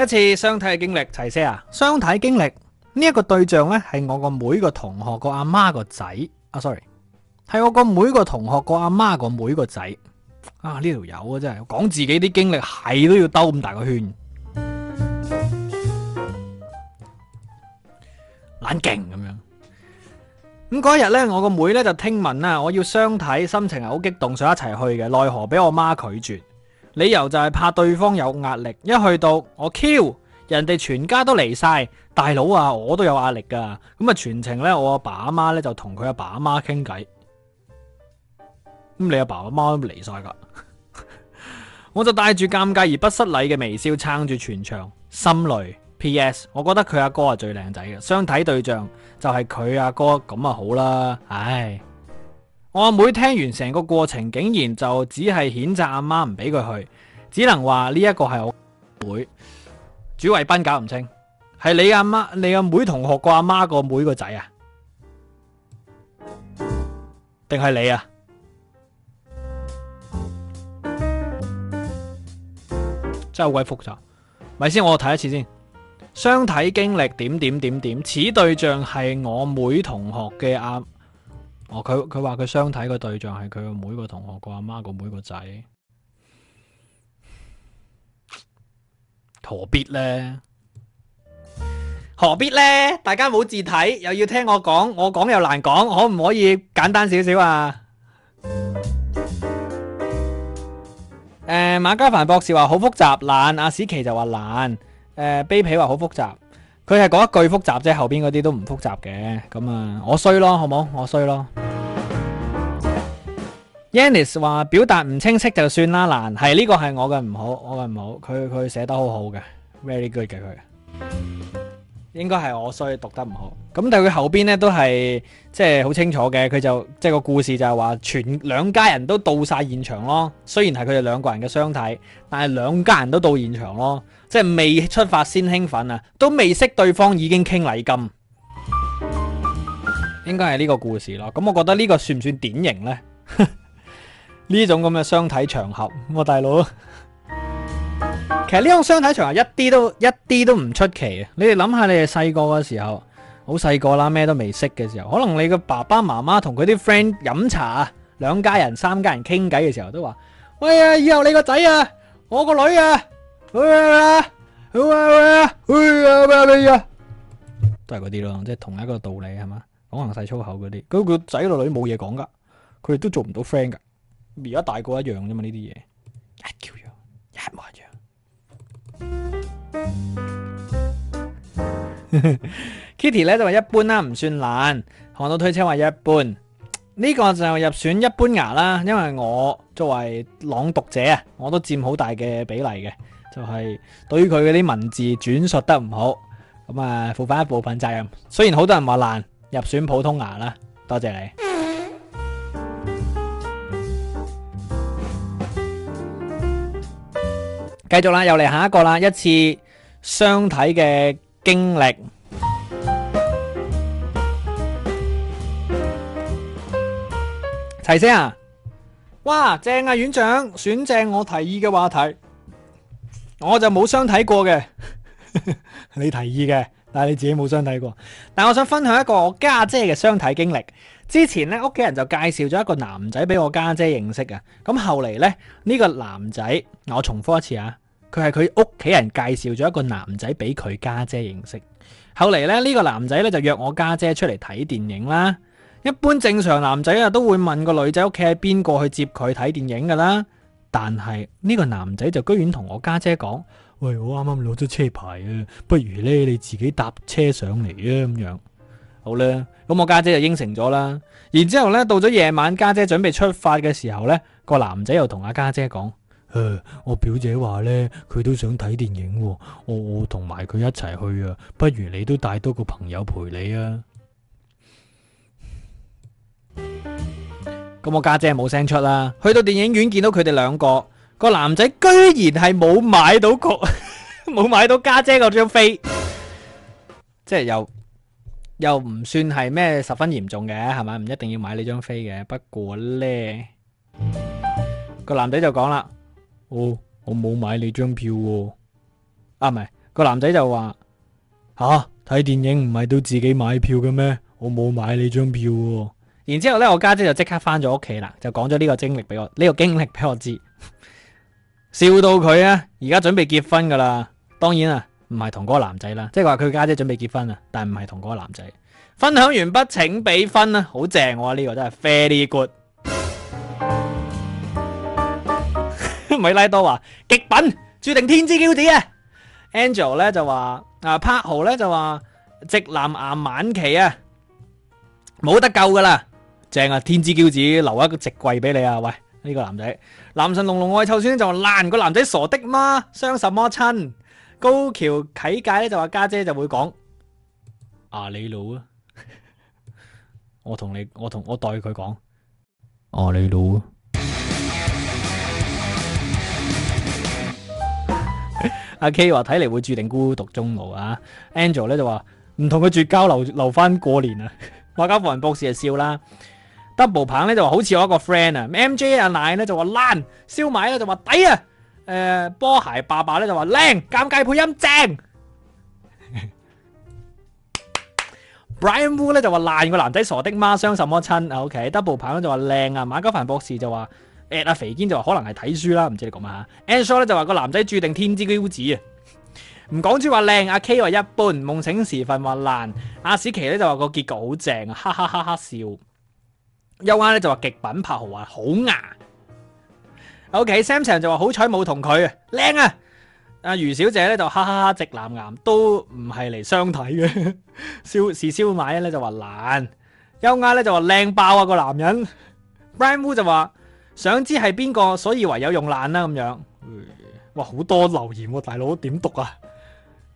一次相睇經歷，齊 Sir 啊！相睇經歷呢一個對象咧係我個妹個同學個阿媽個仔啊，sorry，係我個妹個同學個阿媽個妹個仔。啊！呢條友啊，真係講自己啲經歷係都要兜咁大個圈，懶勁咁樣。咁嗰日呢，我個妹呢就聽聞啊，我要相睇，心情係好激動，想一齊去嘅，奈何俾我媽拒絕，理由就係怕對方有壓力。一去到我 Q，人哋全家都嚟晒，大佬啊，我都有壓力噶。咁啊，全程呢，我阿爸阿媽呢就同佢阿爸阿媽傾偈。咁你阿爸阿媽都離晒噶， 我就帶住尷尬而不失禮嘅微笑撐住全場，心累。P.S. 我覺得佢阿哥係最靚仔嘅，相睇對象就係佢阿哥，咁啊好啦。唉，我阿妹，妹聽完成個過程，竟然就只係譴責阿媽唔俾佢去，只能話呢一個係我妹，妹。主謂賓搞唔清，係你阿媽、你阿妹同學個阿媽個妹個仔啊，定係你啊？真係好鬼複雜，咪先，我睇一次先。相睇經歷點點點點，此對象係我妹同學嘅阿、啊，哦，佢佢話佢相睇嘅對象係佢個妹個同學個阿媽個妹個仔，何必呢？何必呢？大家冇字睇，又要聽我講，我講又難講，可唔可以簡單少少啊？誒、呃，馬嘉凡博士話好複雜難，阿史奇就話難，誒、呃，卑鄙話好複雜，佢係講一句複雜啫，後邊嗰啲都唔複雜嘅，咁啊，我衰咯，好冇好，我衰咯。 Yannis 話表達唔清晰就算啦，難，係呢個係我嘅唔好，我嘅唔好，佢佢寫得好好嘅，very good 嘅佢。他應該係我所以讀得唔好，咁但係佢後邊呢都係即係好清楚嘅，佢就即係個故事就係話全兩家人都到晒現場咯。雖然係佢哋兩個人嘅相睇，但係兩家人都到現場咯，即係未出發先興奮啊，都未識對方已經傾禮金。應該係呢個故事咯，咁我覺得呢個算唔算典型呢？呢 種咁嘅相睇場合，我大佬。其實呢種相睇場合一啲都一啲都唔出奇啊！你哋諗下，你哋細個嗰時候，好細個啦，咩都未識嘅時候，可能你個爸爸媽媽同佢啲 friend 飲茶，兩家人三家人傾偈嘅時候都說，都話，喂啊，以後你個仔啊，我個女啊，喂、哎、啊，喂、哎、啊，喂、哎、啊，喂啊咩啊，都係嗰啲咯，即係同一個道理係嘛？講行晒粗口嗰啲，咁佢個仔個女冇嘢講噶，佢哋都做唔到 friend 噶。而家大個一樣啫嘛，呢啲嘢一樣，一模一樣。一 Kitty 咧就話一般啦，唔算爛，行到推車話一般，呢個就入選一般牙啦。因為我作為朗讀者啊，我都佔好大嘅比例嘅，就係、是、對於佢嗰啲文字轉述得唔好，咁啊負翻一部分責任。雖然好多人話爛，入選普通牙啦，多謝你。繼續啦，又嚟，下一個啦，一次相睇嘅經歷。齊些牙！哇，正啊，院長選正我提議嘅話題，我就冇相睇過嘅。 你提議嘅，但係你自己冇相睇過。但係我想分享一個我家姐嘅相睇經歷。之前咧，屋企人就介紹咗一個男仔俾我家姐認識啊。咁後嚟咧，呢個男仔，我重複一次啊，佢係佢屋企人介紹咗一個男仔俾佢家姐認識。後嚟咧，呢個男仔咧就約我家姐出嚟睇電影啦。一般正常男仔啊，都會問個女仔屋企係邊個去接佢睇電影噶啦。但係呢個男仔就居然同我家姐講：喂，我啱啱攞咗車牌啊，不如咧你自己搭車上嚟啊咁樣。好啦，咁我家姐就應承咗啦。然之後咧，到咗夜晚，家姐準備出發嘅時候呢，個男仔又同阿家姐講：啊，我表姐話呢，佢都想睇電影，我我同埋佢一齊去啊。不如你都帶多個朋友陪你啊。咁我家姐冇聲出啦。去到電影院見到佢哋兩個，個男仔居然係冇買到個，冇 買到家姐嗰張飛，即係 又。又唔算係咩十分嚴重嘅，係咪？唔一定要買你張飛嘅。不過呢，個 男仔就講啦：，哦，我冇買你張票喎、哦。啊，唔係，個男仔就話：，吓睇，啊、電影唔係都自己買票嘅咩？我冇買你張票。哦。然之後咧，我家姐，姐就即刻翻咗屋企啦，就講咗呢個經歷俾我，呢、這個經歷俾我知，笑，笑到佢啊！而家準備結婚噶啦，當然啊。唔係同嗰個男仔啦，即係話佢家姐準備結婚啊，但係唔係同嗰個男仔。分享完畢，請俾分啦，這個、好正我呢個真係 fairly good。米拉、 like、多話極品，注定天之驕子啊！Angel 咧就話，啊柏豪咧就話，直男癌晚期啊，冇得救噶啦，正啊！天之驕子留一個直櫃俾你啊！喂，呢、這個男仔，男神龍龍愛臭酸就爛個男仔傻的嗎？相什麼親？高橋啟介咧就話家姐就會講阿你老啊，你我同你，我同我代佢講，阿你老啊。阿 K 話睇嚟會注定孤獨終老啊。Angel 咧就話唔同佢絕交流，留留翻過年啊。馬家富人博士就笑啦。Double 棒咧就話好似我一個 friend 啊，MJ 阿奶咧就話爛，燒埋咧就話抵啊。誒、呃，波鞋爸爸咧就話靚，尷尬配音正。 Brian Wu 咧就話爛個男仔傻的媽傷什麼親 OK，Double Pang 就話靚啊，馬加凡博士就話誒，阿、啊、肥堅就話可能係睇書啦，唔知你講咩 Ansho 咧就話個男仔注定天之驕子 不講說啊，唔講住話靚，阿 K 話一般，夢醒時分話爛，阿、啊、史奇咧就話、那個結局好正、啊，哈哈哈哈笑。邱安咧就話極品拍號啊，好牙。O.K. Samson 就話好彩冇同佢啊，靚啊！阿余小姐咧就哈哈哈直男癌都唔係嚟相睇嘅。燒是燒買咧就話懶。優雅咧就話靚爆啊個男人。Brian Wu 就話想知係邊個，所以唯有用爛啦咁樣。哇好多留言喎、啊，大佬點讀啊？誒、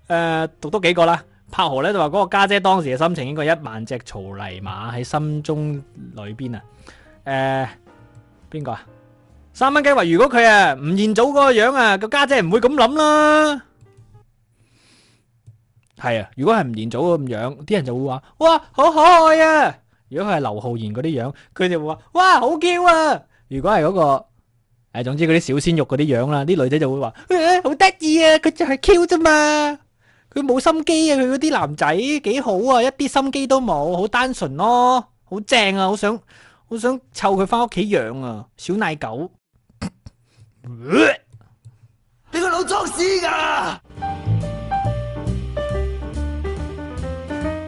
呃，讀多幾個啦。柏豪咧就話嗰個家姐，姐當時嘅心情應該係一萬隻草泥馬喺心中裏邊啊。誒、呃，邊個啊？三蚊雞話：如果佢啊吳彥祖嗰個樣啊，個家姐唔會咁諗啦。係啊，如果係吳彥祖咁樣，啲人就會話：哇，好可愛啊！如果佢係劉昊然嗰啲樣，佢就會話：哇，好 Q 啊！如果係嗰個誒，總之嗰啲小鮮肉嗰啲樣啦，啲女仔就會話：好得意啊！佢就係 Q 啫嘛，佢冇心機啊！佢嗰啲男仔幾好啊，一啲心機都冇，好單純咯、啊，好正啊！好想好想湊佢翻屋企養啊，小奶狗。你個老裝屎噶！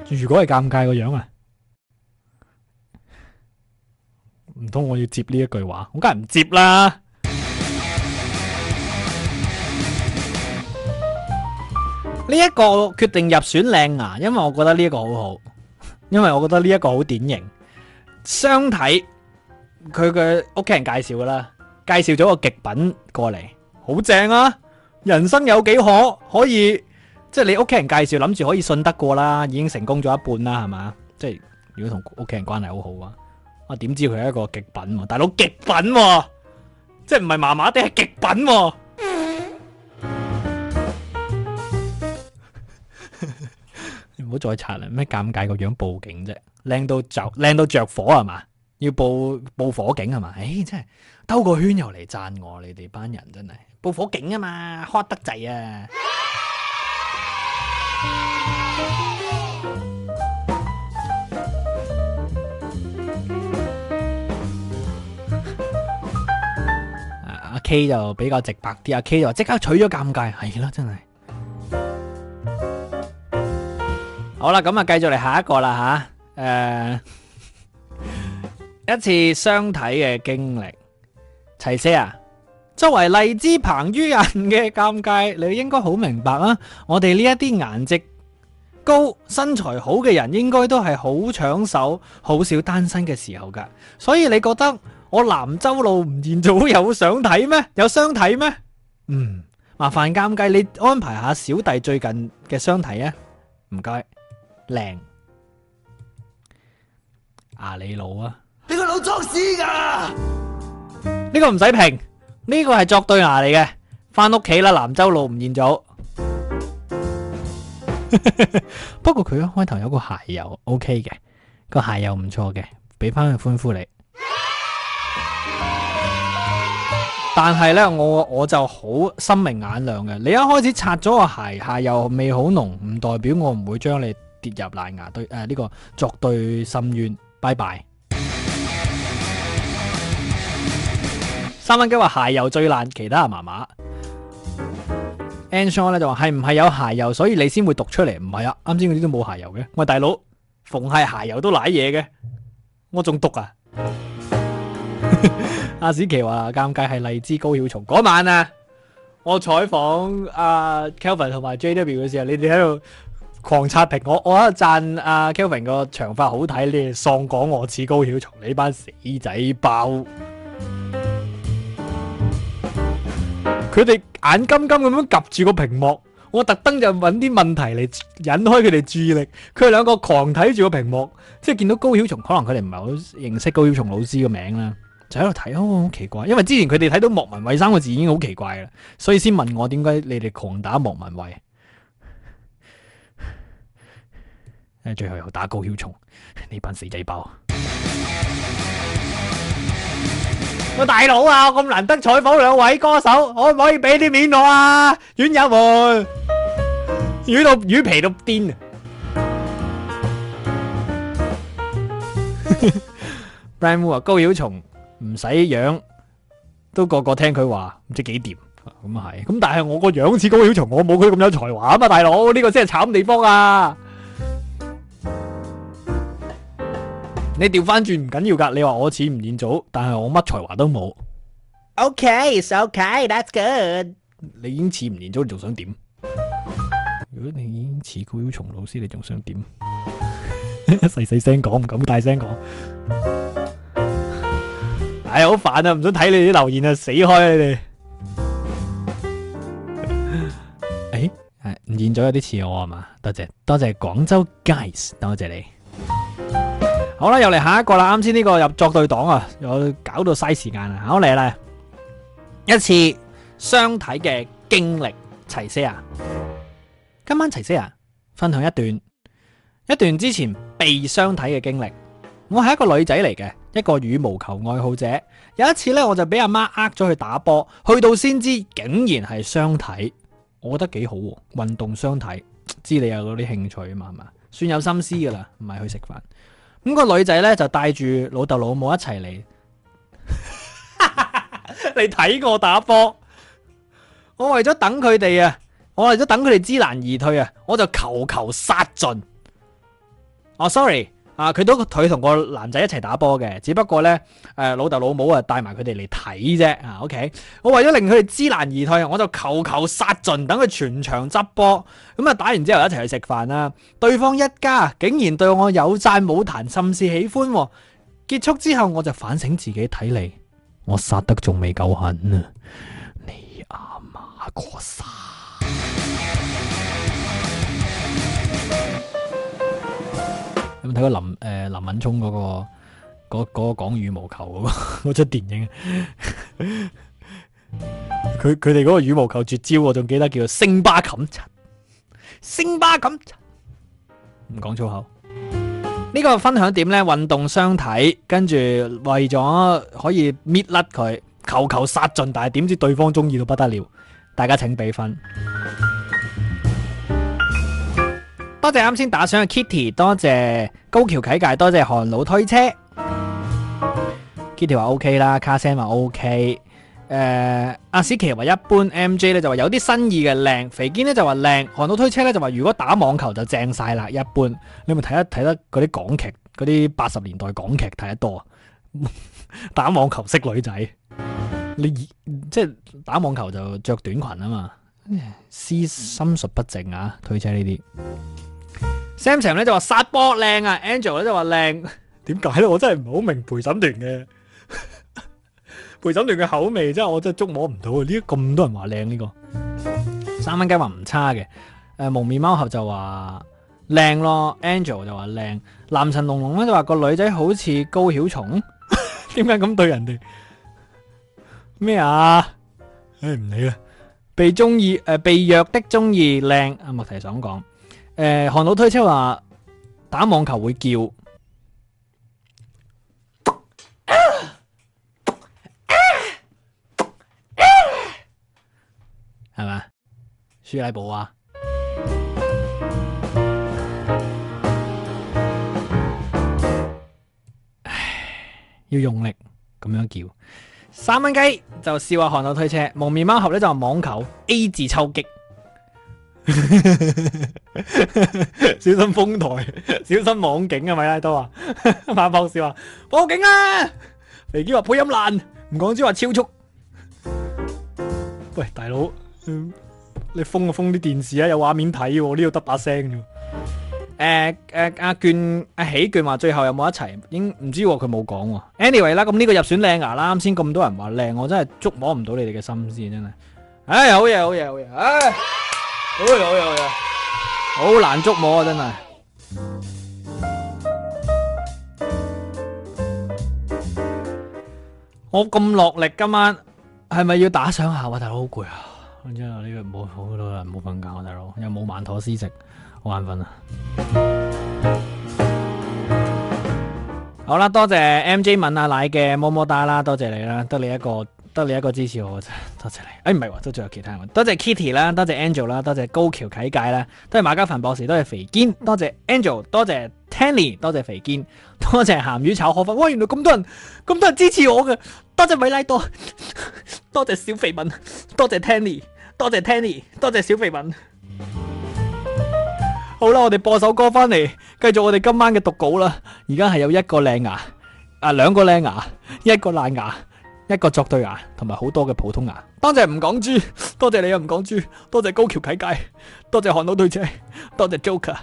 如果係尷尬個樣啊，唔通我要接呢一句話？我梗係唔接啦。呢一 個決定入選靚牙，因為我覺得呢一個好好，因為我覺得呢一個好典型。相睇佢嘅屋企人介紹噶啦。介紹咗個極品過嚟，好正啊！人生有幾可可以，即係你屋企人介紹，諗住可以信得過啦，已經成功咗一半啦，係嘛？即係如果同屋企人關係好好嘅話，我點知佢係一個極品、啊？大佬極品、啊，即係唔係麻麻地係極品、啊？ 你唔好再查啦！咩尷尬個樣報警啫？靚到着靚到着火係嘛？要報報火警係嘛？誒、欸，真係～兜個圈又嚟讚我，你哋班人真係，報火警啊嘛，開得滯啊！阿 K 就比較直白啲，阿 K 就即刻取咗尷尬，係啦，真係。 好啦，咁啊，繼續嚟下一個啦吓，誒、啊， 一次相睇嘅經歷。提 s 啊，作為荔枝彭于人嘅監尬，你應該好明白啊。我哋呢一啲顏值高、身材好嘅人，應該都係好搶手，好少單身嘅時候噶。所以你覺得我南洲路唔見早有相睇咩？有相睇咩？嗯，麻煩監尬，你安排下小弟最近嘅相睇啊。唔該，靚啊，你老啊！你個老作屎噶！呢個唔使評，呢、這個係作對牙嚟嘅，翻屋企啦，南州路吳彥祖。 不過佢一開頭有個鞋油，OK 嘅，個鞋油唔錯嘅，俾翻佢歡呼你。 但係呢，我我就好心明眼亮嘅，你一開始拆咗個鞋鞋油未好濃，唔代表我唔會將你跌入爛牙堆誒，呢、呃這個作對深淵。拜拜。三蚊雞話鞋油最爛，其他麻、啊、麻。Anson 咧就話係唔係有鞋油，所以你先會讀出嚟？唔係啊，啱先嗰啲都冇鞋油嘅。喂，大佬，逢係鞋油都舐嘢嘅，我仲讀啊！ 阿史琪話尷尬係荔枝高曉松嗰晚啊，我採訪阿、啊、Kelvin 同埋 JW 嘅時候，你哋喺度狂刷屏，我我喺度、啊、讚阿 Kelvin 個長髮好睇，你哋喪講我似高曉松，你班死仔包。佢哋眼金金咁樣夾住個屏幕，我特登就揾啲問題嚟引開佢哋注意力。佢哋兩個狂睇住個屏幕，即係見到高曉松，可能佢哋唔係好認識高曉松老師個名啦，就喺度睇，哦，好奇怪，因為之前佢哋睇到莫文蔚三個字已經好奇怪啦，所以先問我點解你哋狂打莫文蔚，誒，最後又打高曉松，呢班死仔包。 我大佬啊，我咁難得採訪兩位歌手，可唔可以俾啲面我啊？魚有門，魚到魚皮都癲啊！Brian 話高曉松唔使養，都個個聽佢話，唔知幾掂。咁啊係，咁但係我個樣似高曉松，我冇佢咁有才華啊嘛，大佬，呢個真係慘地方啊！你調翻轉唔緊要噶，你話我似吳彥祖，但係我乜才華都冇。Okay, so, okay, that's good。你已經似吳彥祖，你仲想點？ 如果你已經似高曉松老師，你仲想點？細細聲講，唔敢大聲講。 哎，好煩啊，唔想睇你啲留言啊，死開啊你哋！ 哎，吳彥祖有啲似我啊嘛，多謝多謝廣州 guys，多謝你。好啦，又嚟下一個啦。啱先呢個入作對檔啊，又搞到嘥時間啊。好嚟啦，一次相睇嘅經歷，齊些牙，今晚齊些牙，分享一段，一段之前被相睇嘅經歷。我係一個女仔嚟嘅，一個羽毛球愛好者。有一次呢，我就俾阿媽呃咗去打波，去到先知竟然係相睇。我覺得幾好喎，啊，運動相睇，知你有嗰啲興趣嘛係嘛，算有心思噶啦，唔係去食飯。咁個女仔咧就帶住老豆老母一齊嚟， 你睇我打波。我為咗等佢哋啊，我為咗等佢哋知難而退啊，我就球球殺盡。哦、oh，sorry。啊！佢都個腿同個男仔一齊打波嘅，只不過呢，誒、呃、老豆老母啊帶埋佢哋嚟睇啫。啊，OK，我為咗令佢哋知難而退，我就求求殺盡，等佢全場執波。咁、嗯、啊，打完之後一齊去食飯啦。對方一家竟然對我有讚冇彈，甚是喜歡、哦。結束之後，我就反省自己看你，睇嚟我殺得仲未夠狠啊！你阿媽個殺！有冇睇過林誒、呃、林敏聰嗰個嗰、那個講羽毛球嗰、那個 出電影啊？ 佢佢哋嗰個羽毛球絕招我仲記得叫做星巴冚塵，星巴冚塵，唔講粗口。呢個分享點咧，運動相睇，跟住為咗可以搣甩佢球球殺盡，但係點知對方中意到不得了。大家請俾分。多謝啱先打賞嘅 Kitty，多謝高橋啟介，多謝韓老推車。Kitty 話 OK 啦，卡聲話 OK，誒、呃、阿史琪話一般，MJ 咧就話有啲新意嘅靚，肥堅呢就話靚，韓老推車咧就話如果打網球就正晒啦，一般你有有看一看那些。你咪睇一睇得嗰啲港劇，嗰啲八十年代港劇睇得多， 打網球識女仔，你即係打網球就着短裙啊嘛，思心術不正啊，推車呢啲。Samson 咧就話殺波靚啊，Angel 咧就話靚，點解咧？我真係唔係好明陪審團嘅，陪審團嘅口味真，真係我真係捉摸唔到啊！呢啲咁多人話靚呢個，三蚊雞話唔差嘅，誒、呃、蒙面貓俠就話靚咯，Angel 就話靚，男神龍龍咧就話個女仔好似高曉松，點解咁對人哋咩啊？誒、哎、唔理啦，被中意誒被弱的中意靚，阿莫提想講。誒，韓老、呃、推車話打網球會叫，係咪、啊啊啊啊？舒禮寶啊， 唉，要用力咁樣叫，三蚊雞就試下韓老推車，蒙面貓俠咧就係網球 A 字抽擊。 小心封台，小心網警啊！咪拉多啊，馬博士話，報警啊！肥啲話配音爛，唔講之話超速。喂，大佬，你封就封啲電視畫、呃呃、啊，有畫面睇，呢度得把聲啫。誒誒，阿娟阿喜娟話最後有冇一齊？應唔知喎，佢冇講。Anyway 啦，咁呢個入選靚牙啦，啱先咁多人話靚，我真係捉摸唔到你哋嘅心思，真係。唉、哎，好嘢，好嘢，好嘢，唉、哎！好嘢，好嘢，好難捉摸啊，真係。我咁落力今晚，係咪要打賞下我大佬？好攰啊，然之後呢個冇好多人冇瞓覺，大佬又冇晚吐司食，好眼瞓啊。好啦，多謝 MJ 文阿奶嘅麼么噠啦，多謝你啦，得你一個。得你一個支持我，多謝你。哎，唔係喎，都仲有其他人。多謝 Kitty 啦，多謝 Angel 啦，多謝高橋啟介啦，多謝馬家凡博士，多謝肥堅。多謝 Angel，多謝 Tanny，多謝肥堅，多謝鹹魚炒河粉。哇，原來咁多人，咁多人支持我嘅。多謝米拉多，多謝小肥敏，多謝 Tanny，多謝 Tanny，多謝小肥敏。好啦，我哋播首歌翻嚟，繼續我哋今晚嘅讀稿啦。而家係有一個靚牙，啊兩個靚牙，一個爛牙。一個作對牙，同埋好多嘅普通牙。多謝唔講豬，多謝你啊唔講豬，多謝高橋啟介，多謝韓老隊姐，多謝 Joker，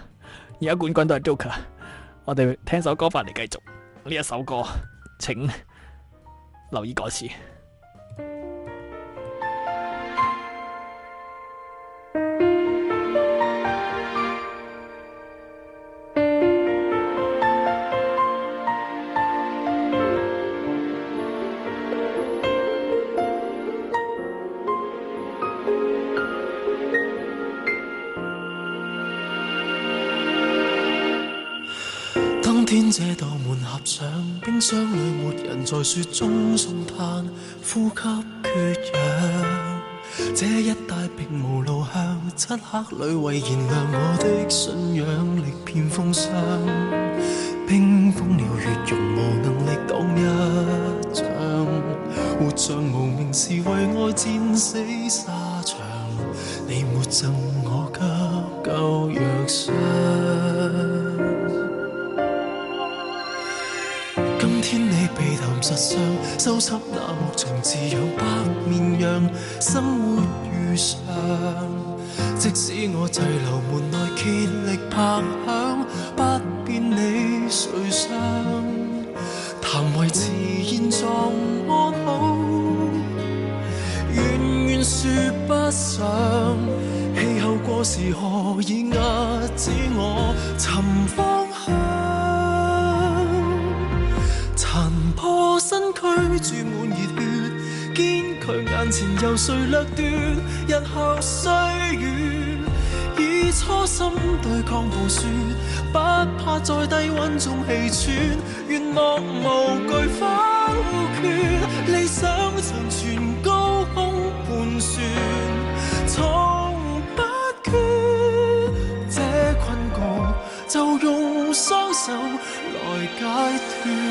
而家冠軍都係 Joker。我哋聽首歌翻嚟繼續呢一首歌，首歌請留意歌詞。天這道門合上，冰箱裏沒人在雪中送炭，呼吸缺氧。這一帶並無路向，漆黑裏為燃亮我的信仰，歷遍風霜。冰封遼遠，無能力擋一仗，活像無名氏為愛戰死沙場。你沒贈我急救藥箱。實上，收集那牧蟲子，自有白面羊，生活如常。即使我滯留門內，竭力拍響，不辨你睡傷。談維持現狀安好，遠遠說不上。氣候過時，何以壓止我尋花？身軀注滿熱血，堅拒眼前由誰掠奪？日後歲月以初心對抗暴雪，不怕在低温中氣喘，願望無懼否決，理想長存高空盤旋，從不缺。這困局就用雙手來解脱。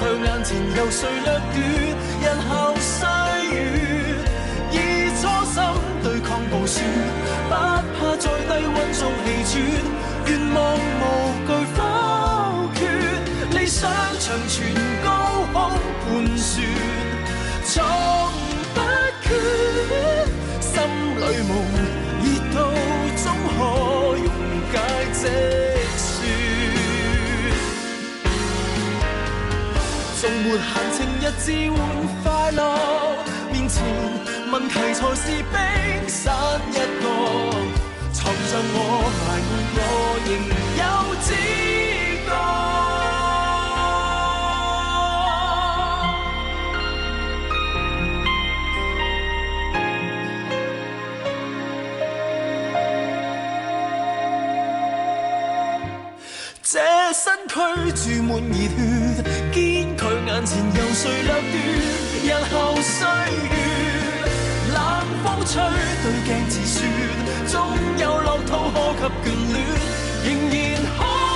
向眼前由誰掠短，日後歲月以初心對抗暴雪，不怕在低溫中氣喘，願望無懼否決，理想長存高空盤旋，從不缺，心裏夢熱度終可溶解這。送沒閒情，日子換快樂。面前問題才是冰山一角，藏着我，埋沒我，仍有知覺。這 身軀注滿熱血。眼前有誰掠奪，日後歲月，冷風吹，對鏡自說，終有樂土可及眷戀，仍然可。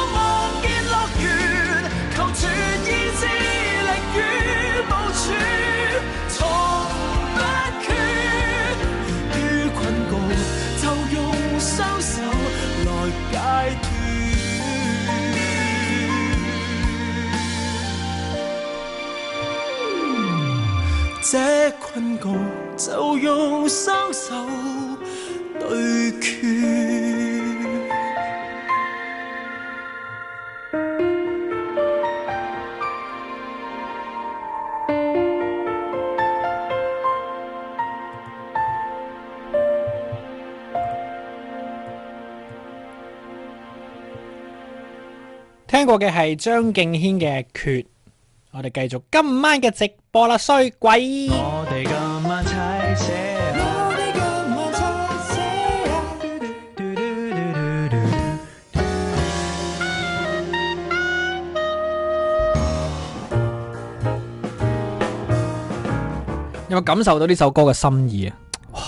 這困局就用雙手對決聽過嘅係張敬軒嘅《決》我繼，我哋繼續今晚嘅直播。波粒衰鬼，有冇感受到呢首歌嘅心意啊？哇！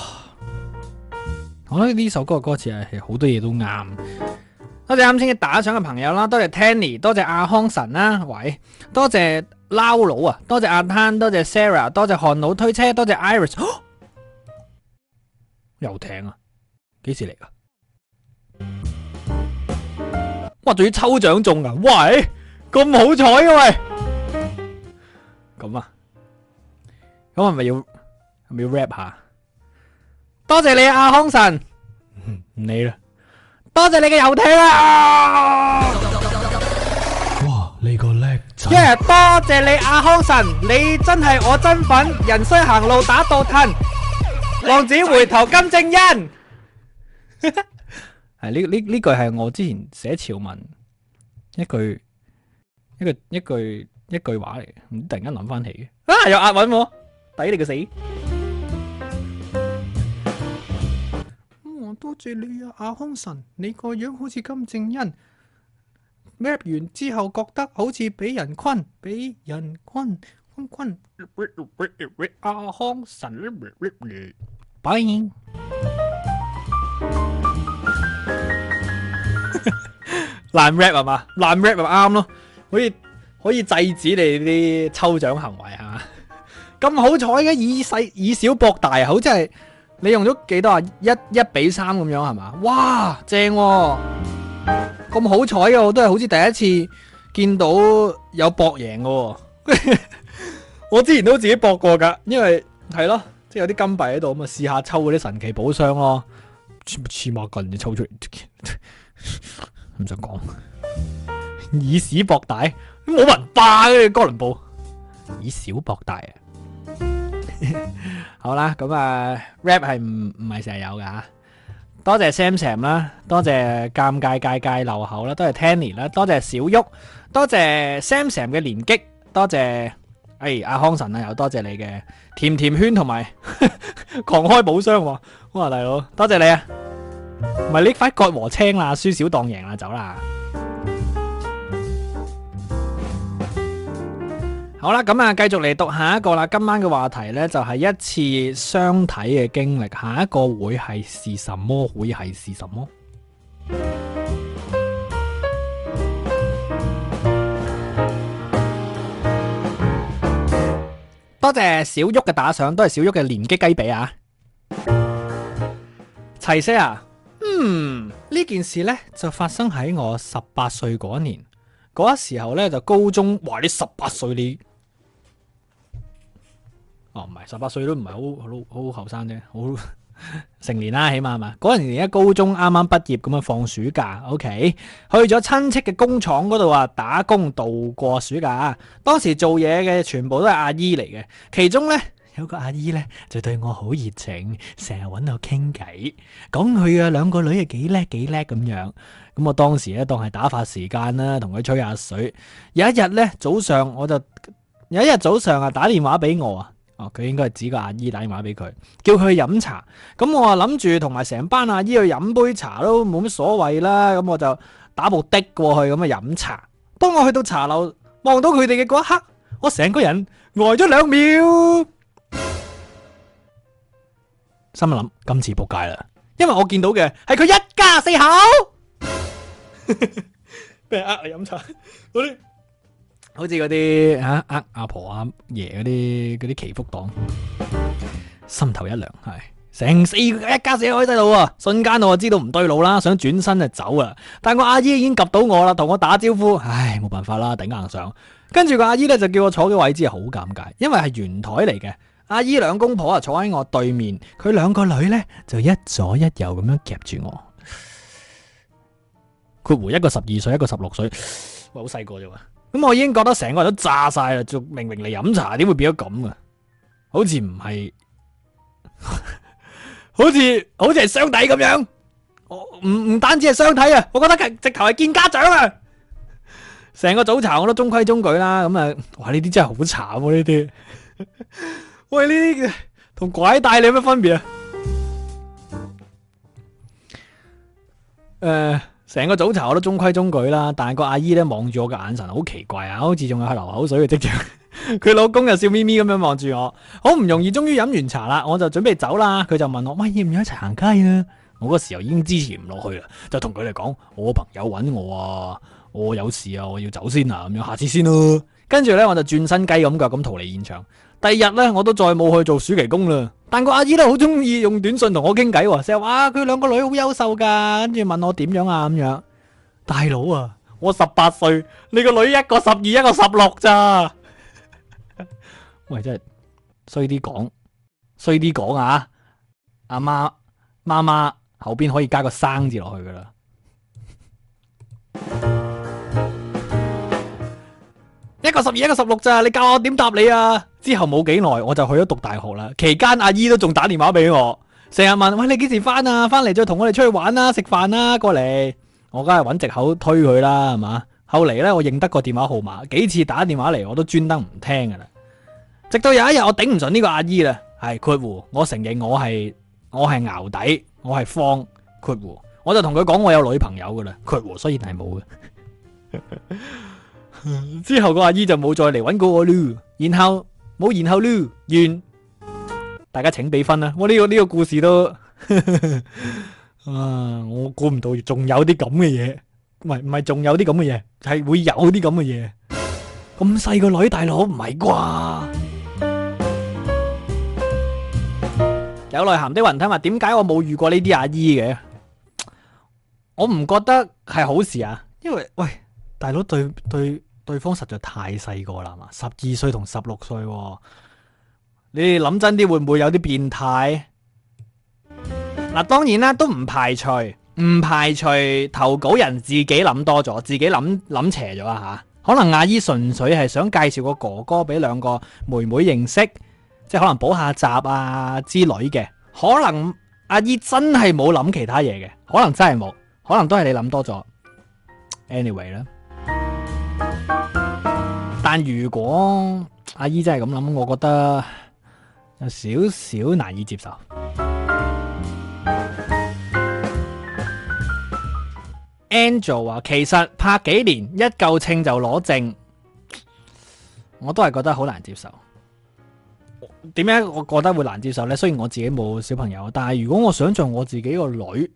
我諗呢首歌嘅歌詞係好多嘢都啱，多謝啱先打賞嘅朋友啦，多謝 Tanny，多謝阿康神啦，啊，喂，多謝。撈佬啊！多謝阿攤，多謝 Sarah，多謝韓佬推車，多謝 Iris。遊艇啊？幾時嚟啊？哇！仲要抽獎中啊？喂，咁好彩啊喂！咁啊？咁係咪要係咪要 rap 下？多謝你阿康神，唔理啦。多謝你嘅遊艇啊。耶！Yeah，多謝你阿康神，你真係我真粉，人生行路打倒褪，浪子回頭金正恩。係呢呢呢句係我之前寫潮文一句，一句一句一句話嚟，突然間諗翻起啊，有押韻，抵 你個死。我、哦、多謝你、啊、阿康神，你個樣好似金正恩。rap 完之後覺得好似俾人坤，俾人坤，坤坤。阿、啊、康神，拜、嗯。爛 rap 係嘛？爛 rap 咪啱咯，可以可以制止你啲抽獎行為吓。咁好彩嘅，以細以小博大好似係。你用咗幾多啊？一一比三咁樣係嘛？哇，正、啊。咁好彩啊！我都係好似第一次見到有博贏嘅，我之前都自己博過噶，因為係咯，即係有啲金幣喺度咁啊，試下抽嗰啲神奇寶箱咯，黐孖棍就抽出嚟，唔想講以史博大，冇文化嘅哥倫布，以 小博大啊！ 好啦，咁啊 rap 係唔唔係成日有噶？多謝 Sam Sam 啦，多謝尷尬界界留口啦，多謝 Tanny 啦，多謝小旭，多謝 Sam Sam 嘅連擊，多謝誒、哎、阿康神啊，又多謝你嘅甜甜圈同埋 狂開寶箱喎、啊，哇大佬，多謝你啊，唔係搦翻割禾青啦，輸少當贏啦，走啦。好啦，咁啊，繼續嚟讀下一個啦。今晚嘅話題呢，就係一次相體嘅經歷。下一個會係是什麼？會係是什麼？多謝小旭嘅打賞，都係小旭嘅年紀雞髀啊！齊色 i 嗯，呢件事呢，就發生喺我十八歲嗰年。嗰時候咧，就高中，哇！你十八歲你，哦唔係十八歲，都唔係好好好後生啫，好 成年啦，起碼係嘛？嗰陣時而家高中啱啱畢業咁啊樣，放暑假，OK，去咗親戚嘅工廠嗰度啊打工度過暑假。當時做嘢嘅全部都係阿姨嚟嘅。其中呢，有個阿姨呢，就對我好熱情，成日揾我傾偈，講佢啊兩個女啊幾叻幾叻咁樣。咁我當時咧當係打發時間啦，同佢吹下水。有一日咧早上，我就有一日早上啊打電話俾我啊，哦佢應該係指個阿姨打電話俾佢，叫佢去飲茶。咁我啊諗住同埋成班阿姨去飲杯茶都冇乜所謂啦。咁我就打部的過去，咁啊飲茶。當我去到茶樓，望到佢哋嘅嗰一刻，我成個人呆咗兩秒，心一諗今次仆街啦，因為我見到嘅係佢一家四口。俾人呃嚟飲茶，嗰 啲好似嗰啲吓阿阿婆阿爺嗰啲啲祈福黨，心頭一涼，係成四個一家四口喺度啊！瞬間我就知道唔對路啦，想轉身就走啊！但係個阿姨已經及到我啦，同我打招呼，唉，冇辦法啦，頂硬上。跟住個阿姨咧就叫我坐嘅位置啊，好尷尬，因為係圓台嚟嘅，阿姨兩公婆啊坐喺我對面，佢兩個女咧就一左一右咁樣夾住我。括弧一個十二歲，一個十六歲，喂，好細個咋嘛？咁我已經覺得成個人都炸晒啦，明明嚟飲茶，點會變咗咁啊？好似唔係，好似好似係相睇咁樣，我唔唔單止係相睇啊！我覺得直頭係見家長啊！成個早茶我都中規中矩啦，咁啊，哇！呢啲真係好慘啊！呢啲，喂，呢啲同拐帶有咩分別啊？誒、呃。成個早茶我都中規中矩啦，但係個阿姨咧望住我嘅眼神好奇怪啊，好似仲有流口水嘅跡象。佢老公又笑眯眯咁樣望住我，好唔容易終於飲完茶啦，我就準備走啦。佢就問我：喂，要唔要一齊行街啊？我嗰時候已經支持唔落去啦，就同佢哋講：我朋友搵我啊，我有事啊，我要走先啊，咁樣下次先咯。跟住呢，我就轉身雞咁腳咁逃離現場。第二日呢，我都再冇去做暑期工啦。但個阿姨都好中意用短信同我傾偈，成日話佢兩個女好優秀噶，跟住問我點樣啊咁樣。大佬啊，我十八歲，你個女一個十二，一個十六咋？ 喂，真係衰啲講，衰啲講啊！阿媽、媽媽後邊可以加個生字落去噶啦。 一個十二，一個十六咋？你教我點答你啊？之後冇幾耐，我就去咗讀大學啦。期間，阿姨都仲打電話俾我，成日問：喂，你幾時翻啊？翻嚟再同我哋出去玩啊，食飯啊，過嚟。我梗係揾藉口推佢啦，係嘛？後嚟呢，我認得個電話號碼，幾次打電話嚟，我都專登唔聽噶啦。直到有一日，我頂唔順呢個阿姨啦，係括弧，我承認我係我係淆底，我係方括弧，我就同佢講我有女朋友噶啦，括弧，所以係冇嘅。之後個阿姨就冇再嚟揾過我啦，然後冇然後啦，完。大家請俾分啊，我呢個呢個故事都啊，我估唔到仲有啲咁嘅嘢，唔係唔係仲有啲咁嘅嘢，係會有啲咁嘅嘢。咁細個女大佬，唔係啩？有內涵的雲吞話，點解我冇遇過呢啲阿姨嘅？我唔覺得係好事啊，因為喂，大佬對對。對方實在太細個啦嘛，十二歲同十六歲，你哋諗真啲會唔會有啲變態？嗱，當然啦，都唔排除，唔排除投稿人自己諗多咗，自己諗諗邪咗啊嚇！可能阿姨純粹係想介紹個哥哥俾兩個妹妹認識，即係可能補下習啊之類嘅。可能阿姨真係冇諗其他嘢嘅，可能真係冇，可能都係你諗多咗。Anyway 啦。但如果阿姨真係咁諗，我覺得有少少難以接受。Angel 啊，其實拍幾年一夠稱就攞證，我都係覺得好難接受。點解我覺得會難接受呢？雖然我自己冇小朋友，但係如果我想象我自己個女，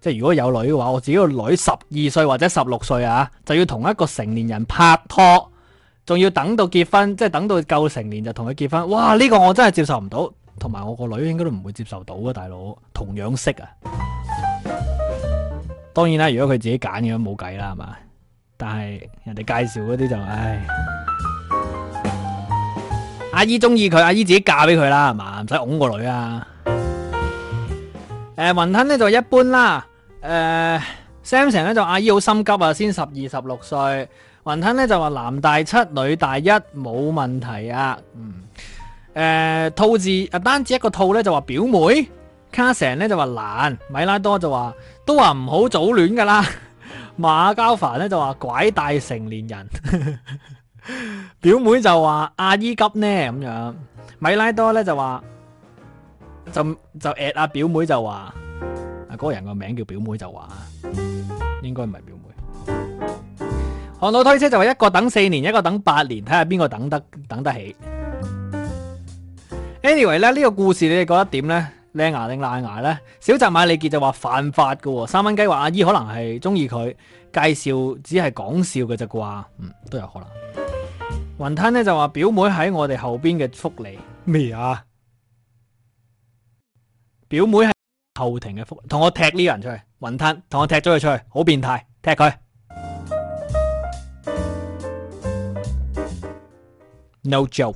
即係如果有女嘅話，我自己個女十二歲或者十六歲啊，就要同一個成年人拍拖。仲要等到結婚，即係等到夠成年就同佢結婚，哇！呢、呢個我真係接受唔到，同埋我個女應該都唔會接受到啊。大佬同樣識啊。當然啦，如果佢自己揀嘅，冇計啦，係嘛。但係人哋介紹嗰啲就，唉， 阿姨中意佢，阿姨自己嫁俾佢啦，係嘛，唔使拱個女啊。誒、呃，雲吞呢就一般啦。誒、呃，Samson 咧就阿姨好心急啊，先十二十六歲。雲吞咧就話男大七女大一冇問題啊，嗯，誒，兔字啊，單止一個兔咧就話表妹，卡成咧就話懶，米拉多就話都話唔好早戀噶啦，馬交凡咧就話拐帶成年人，表妹就話阿姨急呢咁樣，米拉多咧就話就就 at 阿表妹就話，啊嗰個人個名叫表妹就話，應該唔係表妹。講到推車就話一個等四年，一個等八年，睇下邊個等得等得起 Anyway 咧，呢個故事你哋覺得點呢？靚牙定爛牙呢？小澤馬利傑就話犯法噶喎，三蚊雞話阿姨可能係中意佢，介紹只係講笑嘅啫啩。嗯，都有可能。雲吞呢就話表妹喺我哋後邊嘅福利咩啊？麼表妹係後庭嘅福利，同我踢呢個人出去。雲吞，同我踢咗佢出去，好變態，踢佢。no joke。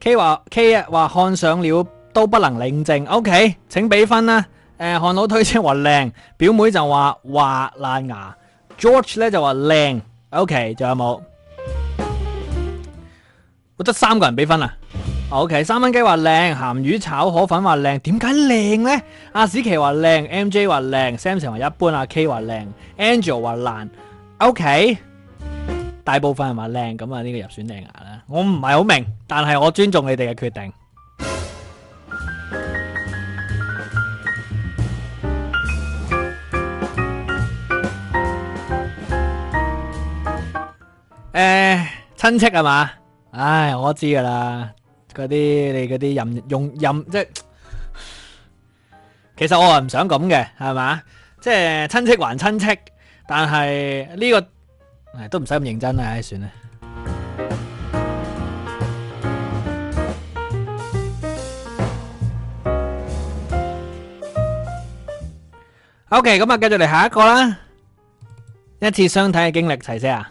K 話 K 話看上了都不能領證。OK，請畀分啦。誒、呃，漢老推薦話靚，表妹就話話爛牙。George 咧就話靚。OK，仲有冇？我得三個人畀分啊。O、okay, K，三蚊雞話靚，鹹魚炒河粉話靚，點解靚呢？阿、啊、史琪話靚，M J 話靚，Sam 成話一般，阿、啊、K 話靚 Angel 話爛。O、okay？K，大部分人話靚咁啊，呢個入選靚牙啦。我唔係好明白，但係我尊重你哋嘅決定。誒，親、 欸、戚係嘛？唉，我知噶啦。嗰啲你嗰啲任用任即係，其實我又唔想咁嘅，係嘛？即係親戚還親戚，但係呢個都唔使咁認真啦，唉，算啦。OK，咁啊，繼續嚟下一個啦，一次相睇嘅經歷，齊聲啊！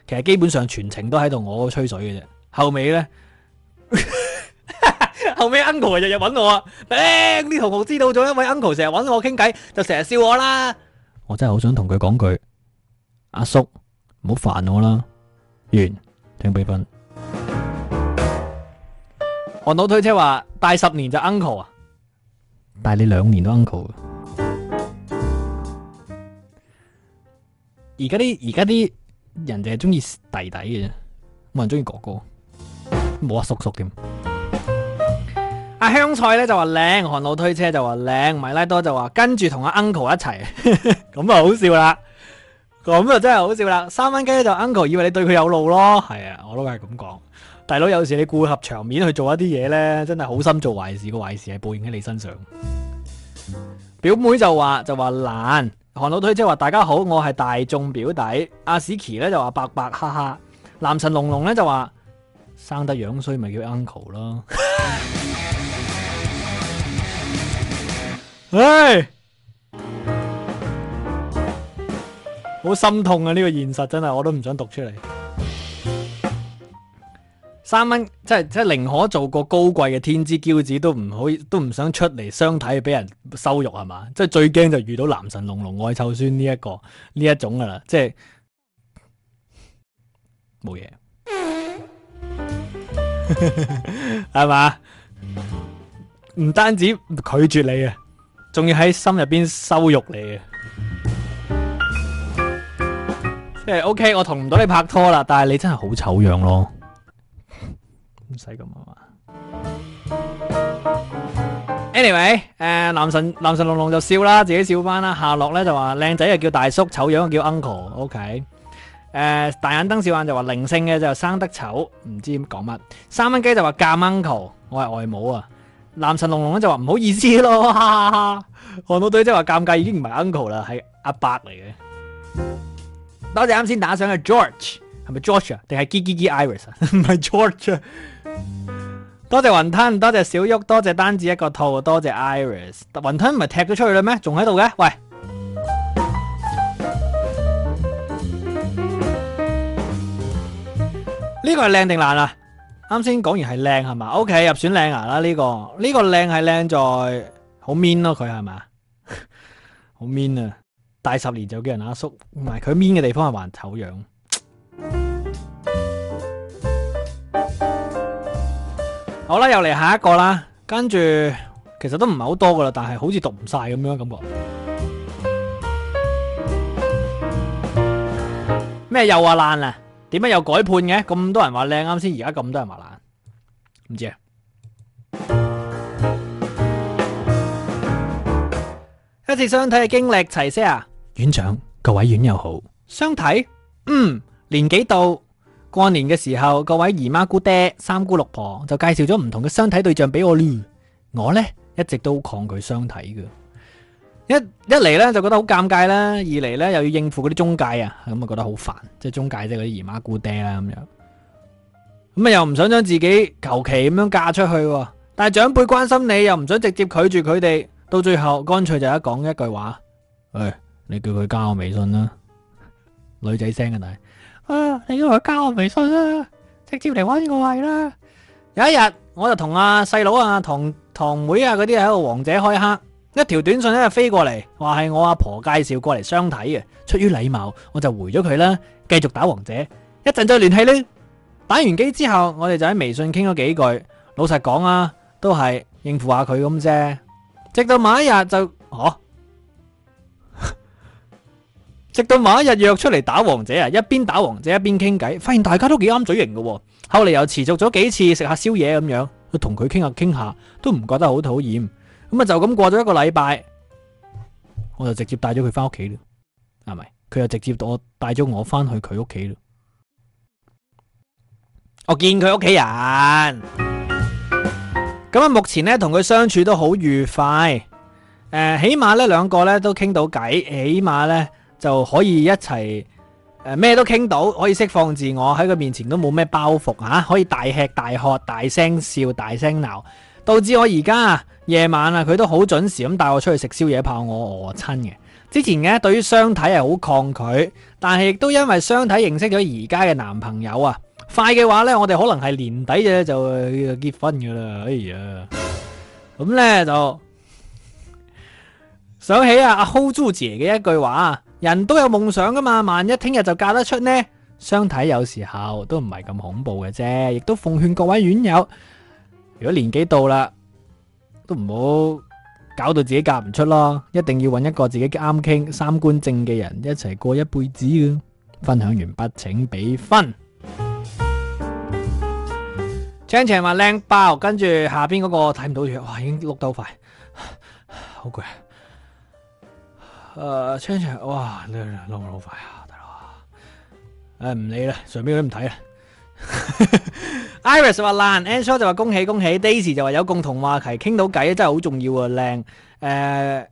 其實基本上全程都喺度我吹水嘅啫，後尾咧， 後尾 uncle 日日搵我啊，誒啲同學知道咗，因為 uncle 成日搵我傾偈，就成日笑我啦。我真係好想同佢講句，阿叔唔好煩我啦。完聽比分，行到推車話大十年就 uncle 啊，大你兩年都 uncle。而家啲而家啲。人哋係中意弟弟嘅，冇人中意哥哥，冇阿叔叔添。阿香菜咧就話靚，韓老推車就話靚，米拉多就話跟住同阿 uncle 一齊，咁 啊好笑啦，咁啊真係好笑啦。三蚊雞就 uncle 以為你對佢有路咯，係啊，我都係咁講。大佬有時你顧合場面去做一啲嘢咧，真係好心做壞事，個壞事係報應喺你身上。表妹就話就話懶。韓老推即係話，大家好，我係大眾表弟。阿史奇咧就話白白，哈哈。男神龍龍咧就話生得樣衰， 咪叫 uncle 咯。哎，好心痛啊！呢個現實真係，我都唔想讀出嚟。三蚊，即係即係，寧可做個高貴嘅天之驕子，都唔可以，都唔想出嚟相睇，俾人羞辱係嘛？即係最驚就遇到男神龍龍愛臭酸呢、這、一個呢一種噶啦，即係冇嘢，係嘛？唔 單止拒絕你呀，仲要喺心入邊羞辱你呀，即係 OK，我同唔到你拍拖啦，但係你真係好醜樣咯。唔使咁啊！anyway，誒、呃，男神男神龍龍就笑啦，自己笑翻啦。夏洛咧就話靚仔就叫大叔，醜樣就叫 uncle，ok、okay? 呃。誒，大眼瞪小眼就話靈性嘅就生得醜，唔知點講乜。三蚊雞就話嫁 uncle，我係外母啊。男神龍龍咧就話唔好意思咯，行到對即係話尷尬，已經唔係 uncle 啦，係阿伯嚟嘅。多謝啱先打上嘅 George，係咪 George 啊？定係 Gigi Iris 啊？唔係 George、啊。多謝雲吞，多謝小旭，多謝單子一個套，多謝 Iris。雲吞唔係踢咗出去啦咩？仲喺度嘅？喂，呢 個係靚定爛啊？啱先講完係靚係嘛？OK，入選靚牙啦呢個。呢、這個靚係靚在好 man 咯，佢係咪？好 man 啊，大十年就叫人阿叔。唔係佢 man 嘅地方係還醜樣。好啦，又嚟下一個啦，跟住其實都唔係好多噶啦，但係好似讀唔晒咁樣感覺。咩又話爛啦？點解又改判嘅？咁多人話靚，啱先而家咁多人話爛，唔知啊。一次相睇嘅經歷齊些牙呀！院長，各位院友好。相睇，嗯，年紀到。過年嘅時候，各位姨媽姑爹、三姑六婆就介紹咗唔同嘅相睇對象俾我。我呢一直都抗拒相睇嘅，一一嚟呢就覺得好尷尬啦，二嚟呢又要應付嗰啲中介，中介啊，咁啊覺得好煩，即係中介即係嗰啲姨媽姑爹啦咁樣。咁啊又唔想將自己求其咁樣嫁出去，啊，但係長輩關心你又唔想直接拒絕佢哋，到最後乾脆就一講一句話：誒、哎，你叫佢加我微信啦，女仔聲嘅你。啊！你都唔加我微信啦，啊，直接嚟玩呢個位啦！有一日，我就同阿細佬啊、堂堂妹啊嗰啲喺度王者開黑，一條短信咧飛過嚟，話係我阿婆，婆介紹過嚟相睇嘅。出於禮貌，我就回咗佢啦。繼續打王者，一陣再聯繫呢，打完機之後，我哋就喺微信傾咗幾句。老實講啊，都係應付下佢咁啫。直到某一日就我，啊直到某一日約出嚟打王者啊，一邊打王者一邊傾偈，發現大家都幾啱嘴型嘅，哦。後嚟又持續咗幾次食下宵夜咁樣，去同佢傾下傾下都唔覺得好討厭。咁啊就咁過咗一個禮拜，我就直接帶咗佢翻屋企啦，係咪？啊？佢又直接帶我帶咗我翻去佢屋企啦。我見佢屋企人，咁啊目前呢同佢相處都好愉快。誒、呃，起碼呢兩個呢都傾到偈，起碼呢。就可以一齊，誒，咩都傾到，可以釋放自我喺佢面前都冇咩包袱吓、啊，可以大吃大喝、大聲笑、大聲鬧，導致我而家夜晚啊佢都好準時咁帶我出去食宵夜炮，怕我餓親嘅。之前呢對於相睇係好抗拒，但係亦都因為相睇認識咗而家嘅男朋友啊，快嘅話呢，我哋可能係年底嘅就結婚㗎喇。哎呀，咁 呢，就想起阿阿 hold 姐嘅一句話。人都有夢想噶嘛，萬一聽日就嫁得出呢？相睇有時候都唔係咁恐怖嘅啫，亦都奉勸各位院友，如果年紀到啦，都唔好搞到自己嫁唔出咯，一定要揾一個自己啱傾、三觀正嘅人一齊過一輩子嘅。分享完畢，請俾分。青青話靚爆，跟住下邊嗰個睇唔到嘢，哇，已經碌到快，好攰啊。誒，Charles，哇，浪好快啊，大佬！誒，唔理啦，上邊我都唔睇啦。Iris 就話爛，Ansho 就話恭喜恭喜，Daisy 就話有共同話題傾到偈，真係好重要啊，靚。誒，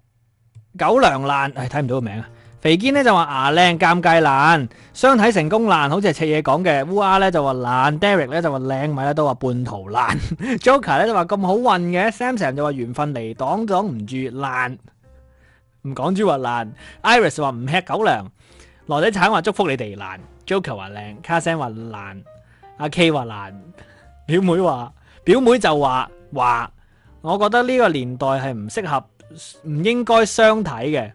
狗糧爛，誒睇唔到個名啊。肥堅咧就話牙靚，尷尬爛，相睇成功爛，好似係赤嘢講嘅。烏鴉咧就話爛，Derek 咧就話靚，米粒都話半途爛，Joker 咧就話咁好運嘅，Samson 就話緣分嚟擋咗唔住爛。唔講豬話爛，Iris 話唔吃狗糧，羅仔橙話祝福你哋爛，Joker 話靚，卡聲話爛，阿 K 話爛，表妹話表妹就話話，我覺得呢個年代係唔適合唔應該相睇嘅。誒、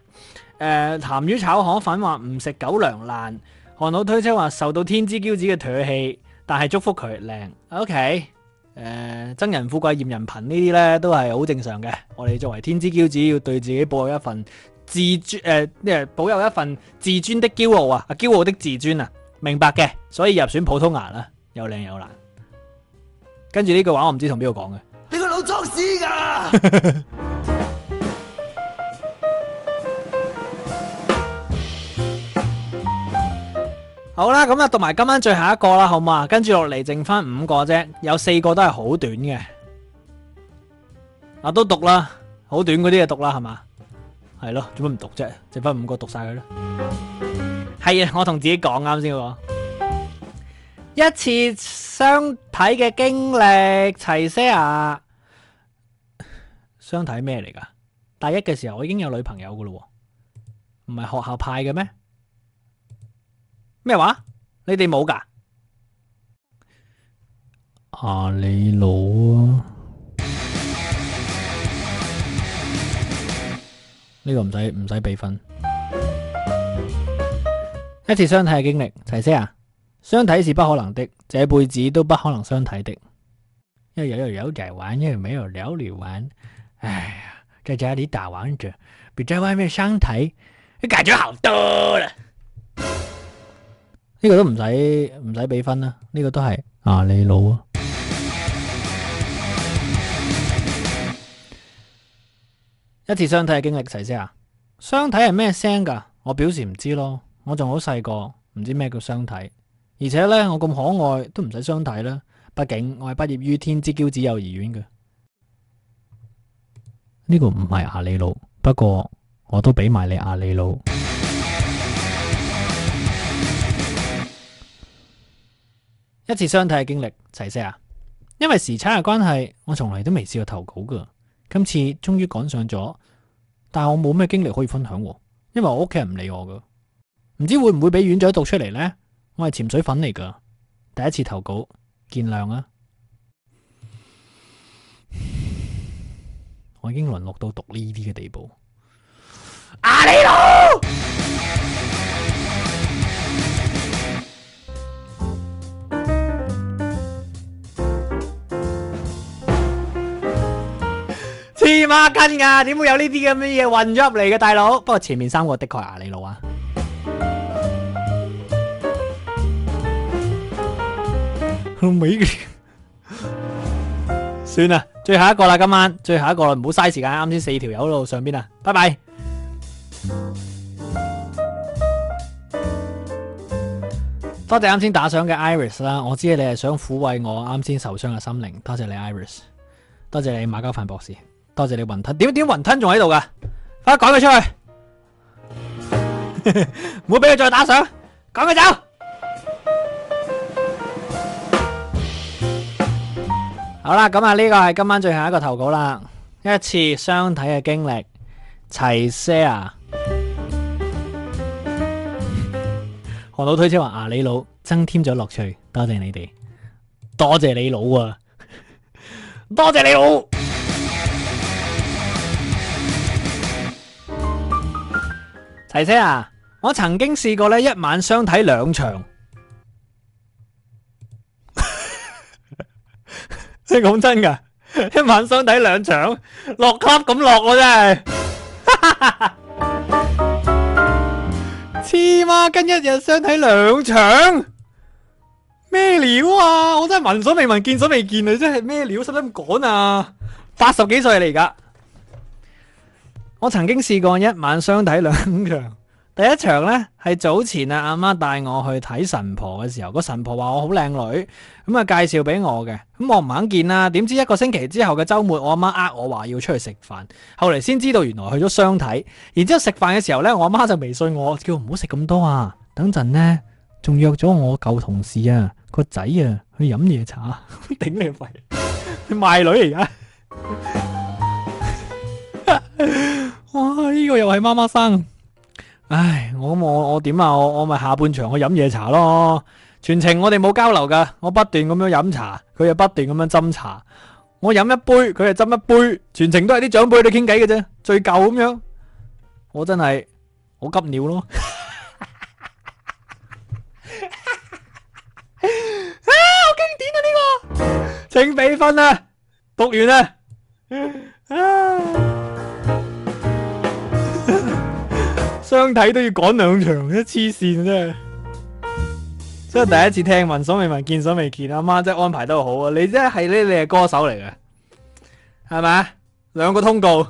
呃，譚魚炒河粉話唔食狗糧爛，韓老推車話受到天之驕子嘅唾棄，但係祝福佢靚。O.K. 誒，憎、呃、人富貴厭人貧呢啲呢都係好正常嘅。我哋作為天之驕子，要對自己保有一份自尊，誒、呃，保有一份自尊的驕傲啊！驕傲的自尊啊，明白嘅。所以入選普通牙啦，又靚又難。跟住呢句話我，我唔知同邊個講嘅。你個老作屎㗎。好啦，咁啊，讀埋今晚最後一個啦，好唔好？跟住落嚟，剩翻五個啫，有四個都係好短嘅，啊都讀啦，好短嗰啲就讀啦，係嘛？係咯，做乜唔讀啫？剩翻五個讀晒佢啦。係啊、嗯，我同自己講啱先喎。一次相睇嘅經歷，齊些牙。相睇咩嚟噶？大一嘅時候我已經有女朋友噶咯，唔係學校派嘅咩？咩話？你哋冇噶？阿、啊、你老啊！呢個唔使唔使俾分。一次相睇嘅經歷，齊聲啊！相睇是不可能的，這輩子都不可能相睇的。一日又有仔玩，一日咪有聊女玩。哎呀，在家裡打王者，比在外面相睇，感覺好多啦 呢個都唔使唔使俾分啦，呢、這個都係阿里佬啊！啊，一次相睇嘅經歷，齊姐啊，相睇係咩聲噶？我表示唔知咯，我仲好細個，唔知咩叫相睇。而且呢，我咁可愛都唔使相睇啦，畢竟我係畢業於天之驕子幼兒園嘅。呢個唔係阿里佬，不過我都俾埋你阿里佬。一次相睇嘅經歷，齊 Sir 啊，因為時差嘅關係，我從來都未試過投稿噶，今次終於趕上咗，但係我冇咩經歷可以分享，因為我屋企人唔理我噶，唔知會唔會俾院長讀出嚟呢？我係潛水粉嚟噶，第一次投稿，見諒啊！我已經淪落到讀呢啲嘅地步，阿、啊、你佬！黐孖筋㗎，點會有呢啲咁嘅嘢混咗入嚟嘅，大佬。不過前面三個的確係牙里佬啊。美、啊、 算啦，最後一個啦，今晚最後一個，唔好嘥時間。啱先四條友路，上邊啊，拜拜。 多謝啱先打賞嘅 Iris 啦，我知你係想撫慰我啱先受傷嘅心靈，多謝你 Iris，多謝你馬家凡博士。多謝你雲吞，點點雲吞仲喺度噶，快趕佢出去，唔好俾佢再打賞，趕佢走。好啦，咁啊呢個係今晚最後一個投稿啦，一次相睇嘅經歷，齊 share。何老推車話：啊，你老增添咗樂趣，多謝你哋，多謝你老啊，多謝你老。大姐啊，我曾經試過呢一晚相睇兩場，即係講真噶，一晚相睇兩場，落 club 咁落啊真係，黐孖筋，一日相睇兩場，咩料啊？我真係聞所未聞、見所未見啊！真係咩料，使乜咁講啊？八十幾歲嚟噶。我曾經試過一晚相睇兩場，第一場呢，係早前啊，阿媽帶我去睇神婆嘅時候，個神婆話我好靚女，咁啊介紹俾我嘅，咁我唔肯見啦。點知一個星期之後嘅周末，我阿媽呃我話要出去食飯，後嚟先知道原來去咗相睇。然之後食飯嘅時候呢，我阿媽就微信我叫唔好食咁多啊，等陣呢，仲約咗我舊同事啊個仔啊去飲夜茶，頂你肺，你賣女嚟㗎。哇！呢、啊呢個又係媽媽生，唉，我點我我點啊？我我咪下半場去飲夜茶咯。全程我哋冇交流噶，我不斷咁樣飲茶，佢又不斷咁樣斟茶。我飲一杯，佢又斟一杯，全程都係啲長輩都傾偈嘅啫，醉舊咁樣。我真係好急尿咯， 啊！好經典啊呢個，請俾分啊，讀完啊， 啊相睇都要趕兩場，一黐線嘅啫！即係第一次聽聞所未聞見所未見，阿媽真係安排得好啊！你真係咧，你係歌手嚟嘅，係咪？兩個通告，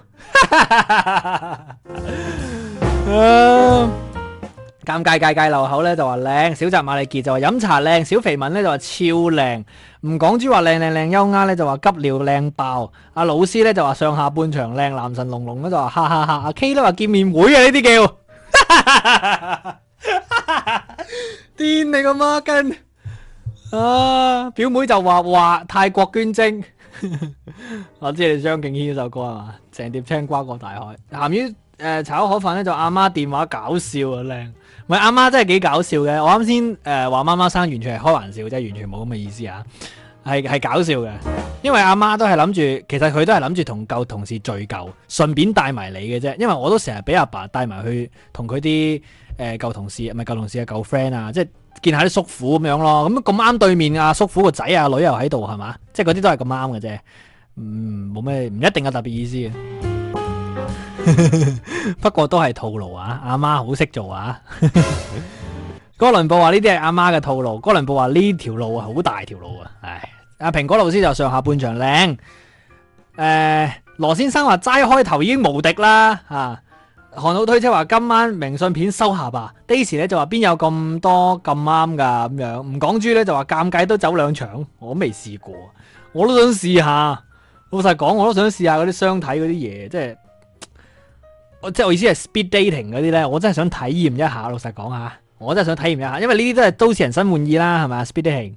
尷尬介介流口咧就話靚，小澤瑪利杰就話飲茶靚，小肥文咧就話超靚，唔講豬話靚靚靚優丫咧就話急尿靚爆，阿老師咧就話上下半場靚男神龍龍咧就話哈哈哈，阿 K 都話見面會啊呢啲叫。癲 你個孖筋啊！表妹就話：話，泰國捐精。 我知你張敬軒首歌係嘛，成碟青瓜過大海。咸魚誒、呃、炒河飯咧，就阿媽電話搞笑啊靚。唔係，阿媽真係幾搞笑嘅。我啱先誒話媽媽生，完全係開玩笑，真係完全冇咁嘅意思啊。係係搞笑嘅，因為阿媽都係諗住，其實佢都係諗住同舊同事聚舊，順便帶埋你嘅啫。因為我都成日俾阿爸帶埋去同佢啲誒舊同事，唔係舊同事啊舊 friend 啊，即係見下啲叔父咁樣咯。咁咁啱對面啊，叔父個仔啊女又喺度係嘛，即係嗰啲都係咁啱嘅啫。嗯，冇咩唔一定有特別意思嘅， 不過都係套路啊。阿媽好識做啊。 哥倫布話呢啲係阿媽嘅套路。哥倫布話呢條路啊好大條路啊，唉。蘋果老師就上下半場靚，誒、呃，羅先生話齋開頭已經無敵啦，吓、啊，韓老推車話今晚明信片收下吧、啊，Daisy 咧就話邊有咁多咁啱噶咁樣，唔講豬咧就話尷尬都走兩場，我都未試過，我都想試下，老實講我都想試下嗰啲相睇嗰啲嘢，即係，我即係我意思係 speed dating 嗰啲呢。我真係想體驗一下，老實講吓，我真係想體驗一,一,一下，因為呢啲都係都市人生玩意啦，係咪 speed dating。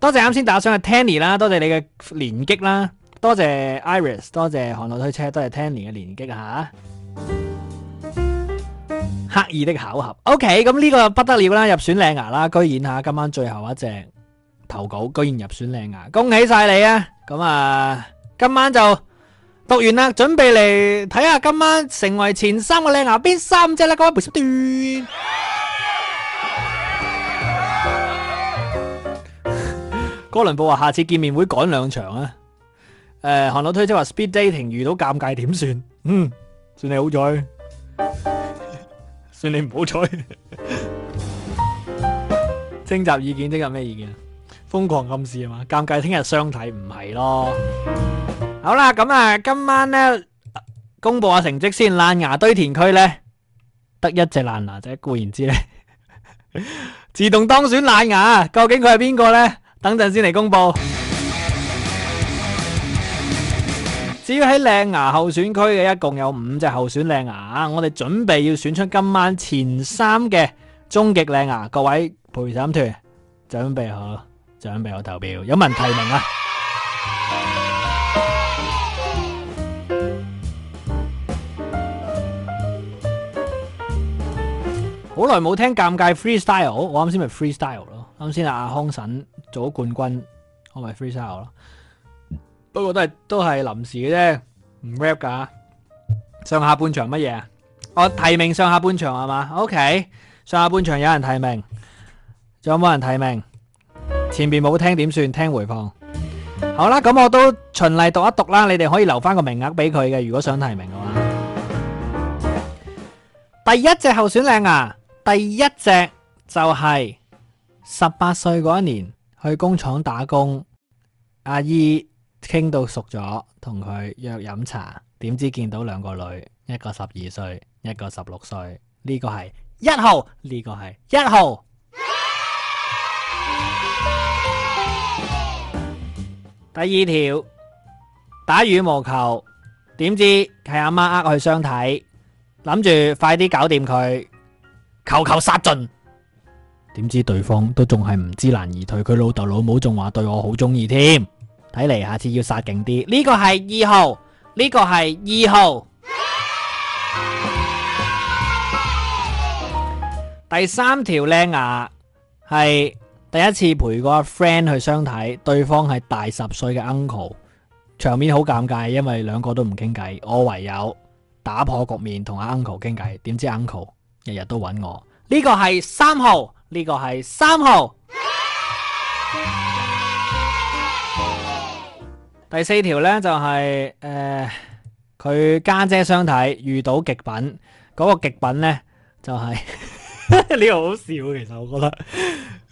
多謝啱先打賞嘅 Tanny 啦，多謝你嘅連擊啦，多謝 Iris，多謝韓路推車，多謝 Tanny 嘅連擊啊吓！ 刻意的巧合，OK，咁呢個不得了啦，入選靚牙啦，居然吓、啊、今晚最後一隻投稿居然入選靚牙，恭喜晒你啊！咁啊，今晚就讀完啦，準備嚟睇下今晚成為前三個靚牙邊三隻啦，各位小弟。哥倫布話：下次見面會趕兩場啊！誒，韓老推車話 speed dating 遇到尷尬點算？嗯，算你好彩，算你唔好彩。徵集意見，聽日咩意見啊？瘋狂暗示吖嘛？尷尬，聽日相睇唔係咯？好啦，咁啊，今晚咧公佈下成績先。爛牙堆填區咧得一隻爛牙仔，固然之咧自動當選爛牙。究竟佢係邊個咧？等陣先嚟公布。至於喺靚牙候選區嘅一共有五隻候選靚牙，我哋準備要選出今晚前三嘅終極靚牙，各位陪審團，準備好，準備好投票，有問題問啊？好耐冇聽尷尬 freestyle，我啱先咪 freestyle 咯。啱先啊，阿康臣做咗冠軍，我咪 free style 咯。不過都係都係臨時嘅啫，唔 rap 噶。上下半場乜嘢啊？我提名上下半場係嘛？OK，上下半場有人提名，仲有冇人提名？前邊冇聽點算？聽回放。好啦，咁我都循例讀一讀啦。你哋可以留翻個名額俾佢嘅，如果想提名嘅話。第一隻候選靚牙，第一隻就係。十八歲嗰一年去工廠打工，阿姨傾到熟咗，同佢約飲茶，點知見到兩個女，一個十二歲，一個十六歲。呢個係一號，呢個係一號。 第二條打羽毛球，知媽媽點知係阿媽呃去相睇，諗住快啲搞掂佢，球球殺盡。點知對方都仲係唔知難而退。佢老豆老母仲話對我好中意添。睇嚟，下次要殺勁啲。呢個係二號。呢、呢個係二號。啊、第三條靚牙係第一次陪個 friend 去相睇，對方係大十歲嘅 uncle，場面好尷尬，因為兩個都唔傾偈，我唯有打破局面同阿 uncle 傾偈。點 un 知 uncle 日日都揾我呢、呢個係三號。呢個係三號。第四條呢，就係、係、誒，佢、呃、家姐、姐相睇遇到極品，嗰、嗰個極品呢，就係呢個好笑。其實我覺得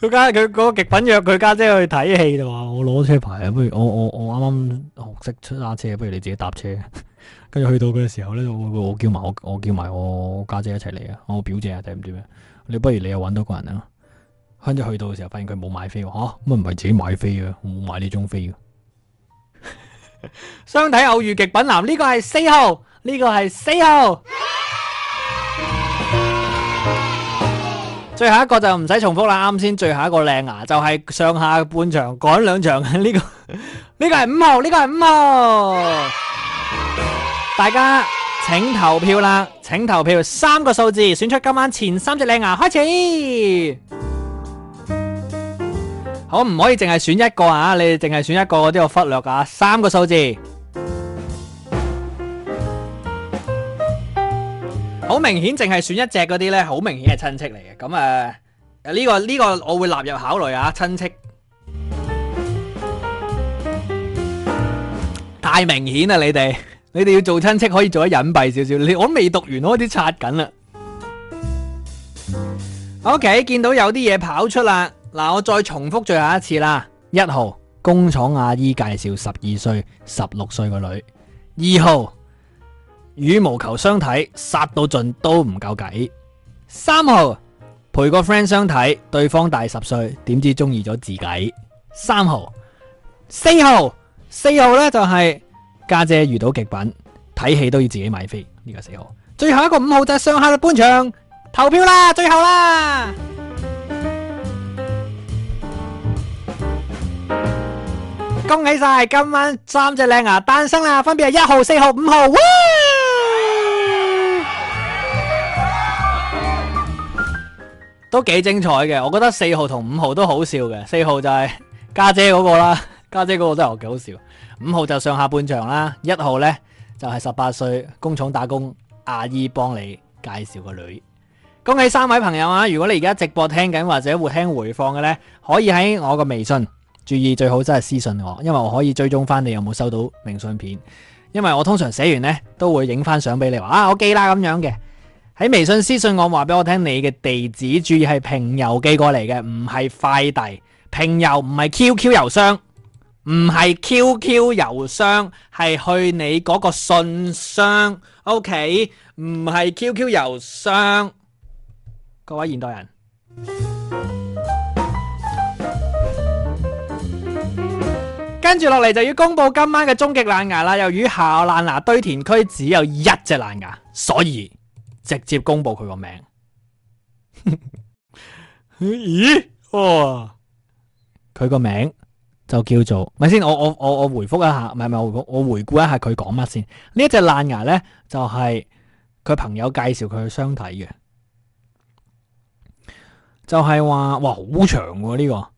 佢 家佢嗰個極品約佢家姐去睇戲，就話我攞車牌啊，不如我我我啱啱學識出揸車，不如你自己搭車。跟 住去到嘅時候咧，我我叫埋我我叫埋我家姐、姐一齊嚟啊！我表姐啊，定唔知咩？你不如你又搵多個人啊！跟住去到嘅時候，發現佢冇買飛喎，吓，咁啊唔係自己買飛嘅，我冇買呢種飛嘅。 相睇偶遇極品男，呢、這個係四號，呢、這個係四號。 最後一個就唔使重複啦，啱先最後一個靚牙、啊、就係、是、上下半場趕兩場嘅，呢、這個，呢、這個係五號，呢、這個係五號。 大家請投票啦！請投票三個數字，選出今晚前三隻靚牙。開始，可唔可以淨係選一個啊！你哋淨係選一個，我都要忽略噶。三個數字，好明顯，淨係選一隻嗰啲呢，好明顯係親戚嚟嘅。咁呢、呃呢個呢、呢個我會納入考慮啊，親戚太明顯啦，你哋。你哋要做親戚可以做得隱蔽少少，你我未讀完，我啲刷緊啦。OK，見到有啲嘢跑出啦，嗱，我再重複最後一次啦。一號工廠阿姨介紹十二歲、十六歲個女。二號羽毛球相睇，殺到盡都唔夠計。三號陪個 friend 相睇，對方大十歲，點知中意咗自己。三號四號四號呢，就係、是。家姐遇到極品睇戲都要自己買飛，呢個四號最後一個五號就係上下嘅半場投票啦，最後啦， 恭喜晒今晚三隻靚牙誕生啦，分別係一號、四號、五號，都幾精彩嘅。我覺得四號同五號都好笑嘅，四號就係家姐嗰個啦，家姐嗰個真係幾好笑。五號就上下半場啦，一號呢，就係十八歲工廠打工阿姨幫你介紹個女，恭喜三位朋友啊！如果你而家直播聽緊或者會聽回放嘅呢，可以喺我個微信，注意最好真係私信我，因為我可以追蹤翻你有冇收到明信片，因為我通常寫完呢，都會影翻相俾你話啊我寄啦咁樣嘅，喺微信私信我話俾我聽你嘅地址，注意係平郵寄過嚟嘅，唔係快遞，平郵唔係 QQ 郵箱。唔係 QQ 郵箱，係去你嗰個信箱，OK？唔係 QQ 郵箱，各位現代人，跟住落嚟，就要公布今晚嘅終極爛牙啦。由於下爛牙堆填區只有一隻爛牙，所以直接公布佢個名。 咦？哦，佢個名。就叫做，咪先，我我我我回覆一下，唔係唔係，我我回顧一下佢講乜先？呢一隻爛牙呢，就係、是、佢朋友介紹佢去相睇嘅，就係、是、話，哇，好長喎、啊、呢、這個，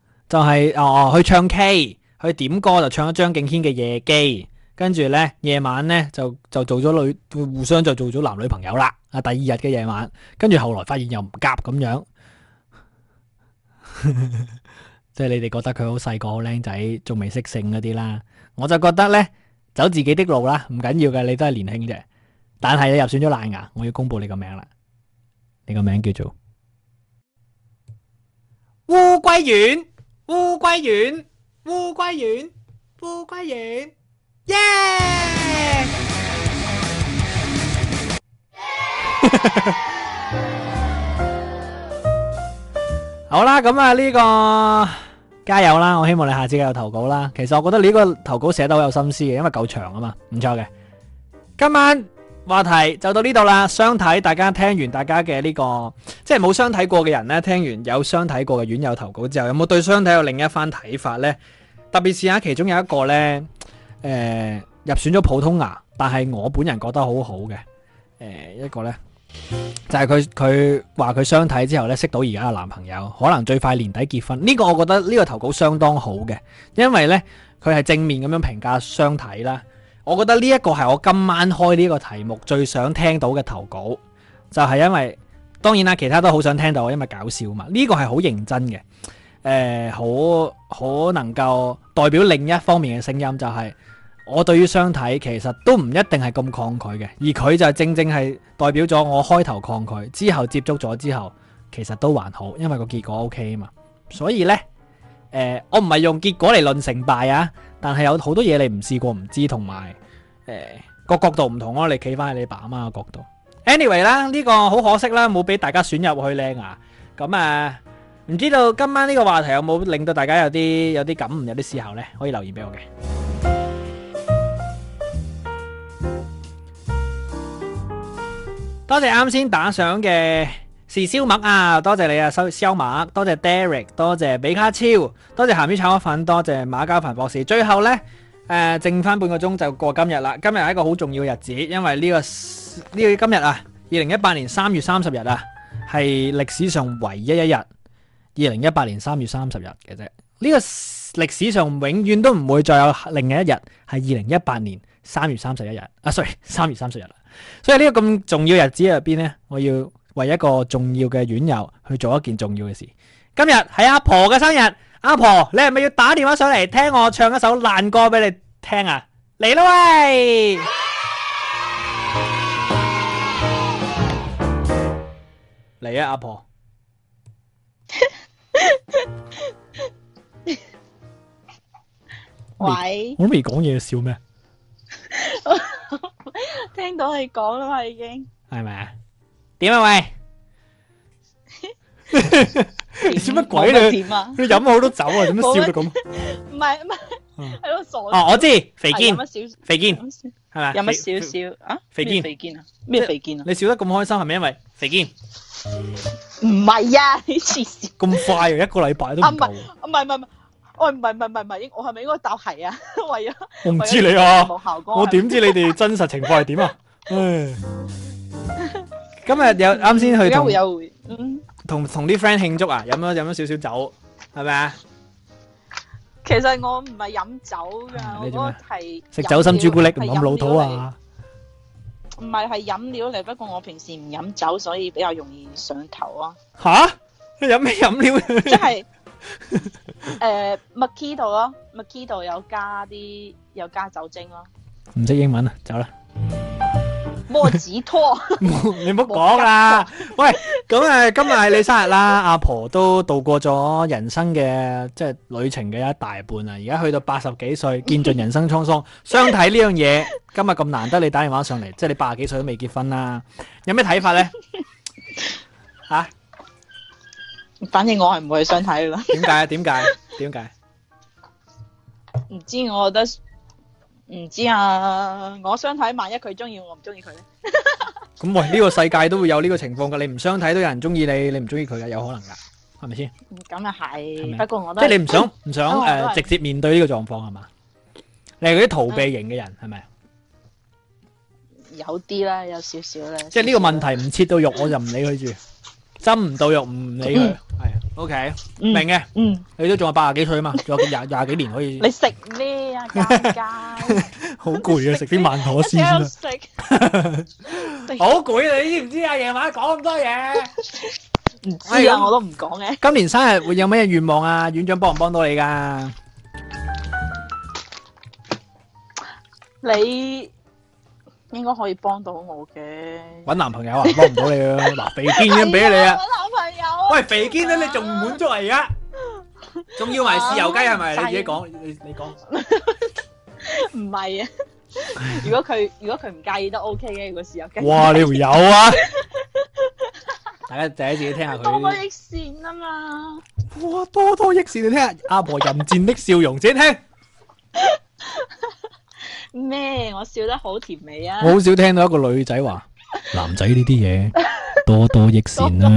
就係、是、哦去唱 K，去點歌就唱咗張敬軒嘅夜機，跟住呢，夜晚呢，就就做咗女，互相就做咗男女朋友啦。啊，第二日嘅夜晚，跟住後來發現又唔夾咁樣。 即係你哋覺得佢好細個、好靚仔、仲未識性嗰啲啦，我就覺得呢，走自己的路啦，唔緊要嘅，你都係年輕啫。但係你入選咗爛牙，我要公布你個名啦，你個名叫做烏龜丸、烏龜丸、烏龜丸、烏龜丸，耶！好啦，咁啊呢個加油啦！我希望你下次繼續有投稿啦。其實我覺得你呢個投稿寫得好有心思嘅，因為夠長啊嘛，唔錯嘅。今晚話題就到呢度啦。相睇，大家聽完大家嘅呢、這個，即係冇相睇過嘅人呢，聽完有相睇過嘅院友投稿之後，有冇對相睇有另一番睇法呢？特別試下其中有一個呢，誒、呃、入選咗普通牙，但係我本人覺得好好嘅、呃，一個呢。就係佢，佢話佢相睇之後咧，識到而家嘅男朋友，可能最快年底結婚。呢個我覺得呢個投稿相當好嘅，因為呢，佢係正面咁樣評價相睇啦。我覺得呢一個係我今晚開呢個題目最想聽到嘅投稿，就係因為當然啦，其他都好想聽到，因為搞笑嘛。呢個係好認真嘅，誒、呃，好好能夠代表另一方面嘅聲音、就係，就係。我對於相睇其實都唔一定係咁抗拒嘅，而佢就正正係代表咗我開頭抗拒，之後接觸咗之後，其實都還好，因為個結果 OK 啊嘛。所以呢，誒、呃，我唔係用結果嚟論成敗啊，但係有好多嘢你唔試過唔知，同埋誒個角度唔同啊。你企翻喺你爸媽嘅角度。Anyway 啦，呢個好可惜啦，冇俾大家選入去咧啊。咁啊，唔知道今晚呢個話題有冇令到大家有啲有啲感悟，有啲思考呢？可以留言俾我嘅。多謝啱先打賞嘅是燒麥啊，多謝你啊，收燒麥，多謝 Derek，多謝比卡超，多謝鹹魚炒粉，多謝馬家凡博士。最後呢，誒、呃，剩翻半個鐘就過今日啦。今日係一個好重要嘅日子，因為呢個呢個今日啊，二零一八年三月三十日啊，係歷史上唯一一日。二零一八年三月三十日嘅啫，呢個歷史上永遠都唔會再有另一日係二零一八年三月三十一日。啊，sorry，三月三十日所以呢個咁重要的日子入邊呢，我要為一個重要嘅院友去做一件重要嘅事。今日係阿婆嘅生日，阿婆你係咪要打電話上嚟聽我唱一首爛歌俾你聽啊？嚟咯喂！嚟啊阿婆， 喂，我未講嘢，笑咩？聽到你講啦嘛，已經係咪啊？點啊喂？你笑乜鬼你點啊？你飲咗好多酒啊？點樣笑到咁？唔係唔係喺度傻啊？我知肥堅，肥堅係咪？有乜少少啊？肥堅肥堅啊？咩肥堅啊？你笑得咁開心係咪？因為肥堅唔係啊！你黐咁快啊？一個禮拜都唔夠，唔係唔係唔係。我唔係唔係唔係應我係咪應該答係啊？為咗我唔知你啊，我點知你哋真實情況係點啊？唉，今日有啱先去同有會，嗯，同同啲 friend 慶祝啊，飲咗飲咗少少酒，係咪啊？其實我唔係飲酒㗎，我係食酒心朱古力，唔飲老土啊！唔係係飲料嚟，不過我平時唔飲酒，所以比較容易上頭啊！吓，飲咩飲料？即係。誒、 uh, Makito 咯 Makito 有加啲有加酒精咯、哦，唔識英文啊，走啦。摩子拖，你唔好講啊，喂，咁誒、呃，今日係你生日啦，阿 婆都度過咗人生嘅即係旅程嘅一大半啊。而家去到八十幾歲，見盡人生滄桑。相睇呢樣嘢， 今日咁難得，你打電話上嚟，即、就、係、是、你八十幾歲都未結婚啦，有咩睇法咧？吓、啊？反正我係唔會相睇嘅啦。點解啊？點解？點解？唔知我覺得唔知啊！我相睇，萬一佢中意我，唔中意佢咧。咁喂，呢個世界都會有呢個情況噶。你唔相睇都有人中意你，你唔中意佢噶，有可能噶，係咪先？咁又係，不過我都即係你唔想唔想誒，直接面對呢個狀況係嘛？你係嗰啲逃避型嘅人係咪？有啲啦，有少少咧。即係呢個問題唔切到肉，我就唔理佢住。針唔到肉唔理佢，係 OK，明嘅。嗯，你都仲有八十幾歲啊嘛，仲有廿廿幾年可以。你食咩啊噶？好攰啊，食啲萬妥先啦。食，好攰你知唔知啊？夜晚講咁多嘢，唔知啊，我都唔講嘅。今年生日會有咩願望啊？院長幫唔幫到你噶？你。應該可以幫到我嘅。搵男朋友啊，幫唔到你咯。嗱、 啊，肥堅已經俾你啊。搵男朋友、啊。喂，肥堅咧，啊、你仲唔滿足啊而家？仲要埋豉油雞係咪？是是的你自己講，你你講。唔係啊。如果佢 如果佢唔介意都 OK 嘅，如果豉油雞。哇！你條友啊。 大家第一自己聽下佢。多多益善啊嘛。哇！多多益善，你聽下阿婆淫賤的笑容，先聽。 咩？我笑得好甜美啊！我好少聽到一個女仔話男仔呢啲嘢多多益善啊！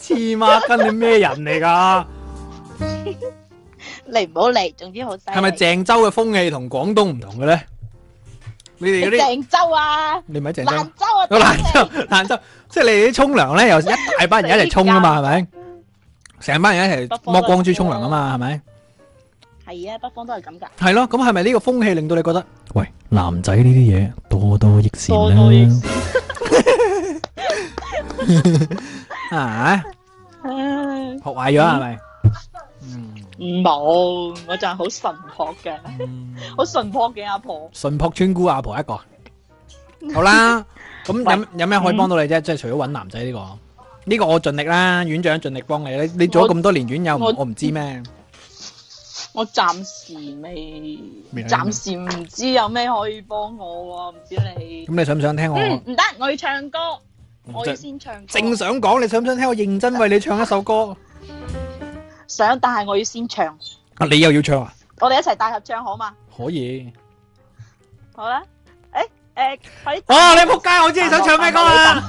黐孖筋你咩人嚟噶？你唔好嚟，總之好犀。係咪鄭州嘅風氣同廣東唔同嘅咧？你哋嗰啲鄭州啊？你唔係鄭州？蘭州啊？蘭 州，蘭 州，即係你啲沖涼咧，又一大班人一齊沖啊嘛？係咪？成班人一齊剝光豬沖涼啊嘛？係咪？係啊，北方都係咁噶。係咯，咁係咪呢個風氣令到你覺得？喂，男仔呢啲嘢多多益善啦。啊？學壞咗係咪？嗯，冇，我就係好純樸嘅，好純樸嘅阿婆。純樸村姑阿婆一個。好啦，咁有有咩可以幫到你啫？即係除咗搵男仔呢個，呢個我盡力啦，院長盡力幫你咧。你做咗咁多年院友，我唔知咩。我暫時未，暫時唔知有咩可以幫我，唔知你咁你想唔想聽我？唔得，我要唱歌，我要先唱。正想講，你想唔想聽我認真為你唱一首歌？想，但係我要先唱。啊，你又要唱啊？我哋一齊大合唱好嘛？可以。好啦，誒誒，喺哦，你仆街，我知你想唱咩歌呀？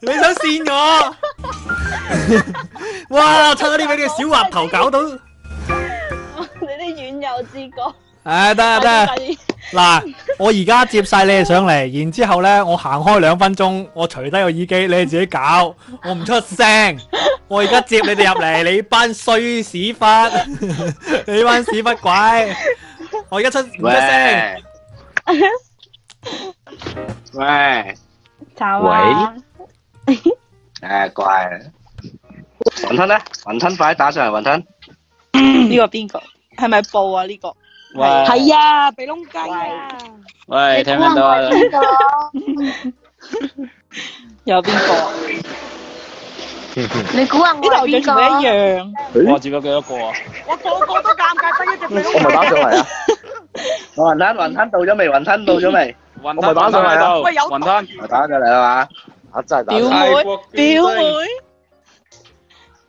你想扇我？哇，差啲俾你嘅小滑頭搞到。有知覺？誒，得啊，得啊！嗱，我而家接晒你哋上嚟，然之後咧，我行開兩分鐘，我除低個耳機，你哋自己搞，我唔出聲。我而家接你哋入嚟，你班衰屎忽，你班屎忽鬼，我而家出唔出聲？喂，喂，誒，怪，雲吞咧，雲吞快打上嚟，雲吞。呢個邊個？係咪報啊呢個？係係啊鼻窿雞啊！喂，聽唔聽到？有邊個？你估下我邊個？呢頭仔同你一樣。我自己幾多個啊？我個個都尷尬得一隻。我咪打上嚟啊！我雲吞雲吞到咗未？雲吞到咗未？我打上嚟啊！雲吞打上嚟啦嘛！啊真係打！表妹，表妹。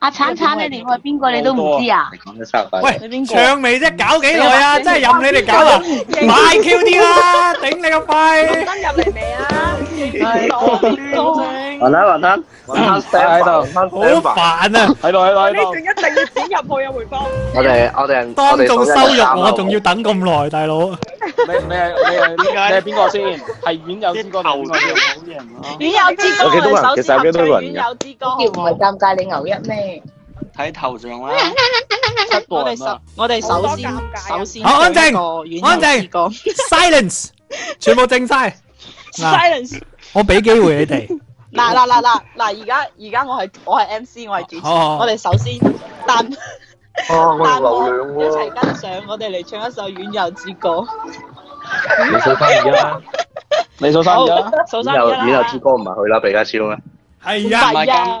阿橙橙，你連我係邊個你都唔知啊？你講咗三廿句。喂，唱未啫？搞幾耐啊？真係任你哋搞啊！買 Q 啲啦，頂你個肺！新入嚟未啊？係度，雲吞，雲吞，喺度，喺度，好煩啊！喺度，喺度，喺度。你仲一定要點入去啊？梅芳，我哋我哋當眾羞辱我，仲要等咁耐，大佬。咩咩咩？點解？咩邊個先？係軟有志哥頭，軟有志哥。軟有志哥，我幾多人？其實有幾多人。軟有志哥，唔係尷尬你牛一咩？睇頭像啦，七磅啦。我哋首先，首先好安靜，安靜，silence，全部靜晒，silence。我俾機會你哋。嗱嗱嗱嗱嗱，而家而家我係我係 MC，我係主持。哦。我哋首先彈。哦，我做流量喎。一齊跟上，我哋嚟唱一首《遠遊之歌》。你數三二啦，你數三二啦。數三二啦。遠遊之歌唔係去啦，畢家超咩？係呀。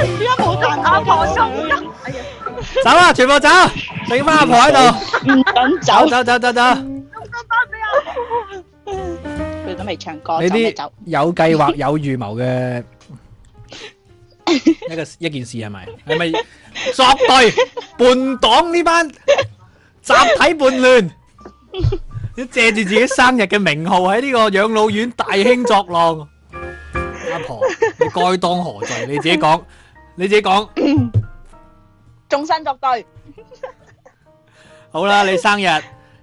而家冇賺阿婆收得，走啊！全部走，剩翻阿婆喺度。唔准走走走走走。咁佢都未唱歌。你啲有計劃、有預謀嘅一個 係咪一件事係咪？係咪作對叛黨呢班集體叛亂？你借住自己生日嘅名號喺呢個養老院大興作浪，阿婆你該當何罪？你自己講。你自己講，終身作對，好啦，你生日，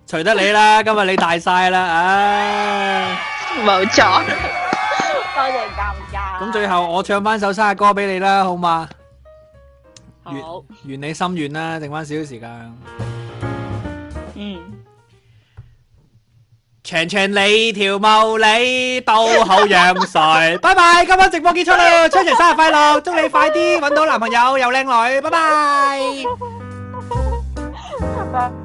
隨得你啦，今日你大晒啦，啊，冇錯，多謝尷尬。咁最後我唱翻首生日歌俾你啦，好嗎？好，圓你心願啦，剩翻少少時間。嗯。長長你條毛你，你都好樣衰。拜拜，今晚直播結束啦！長長生日快樂，祝你快啲揾到男朋友又靚女。拜拜。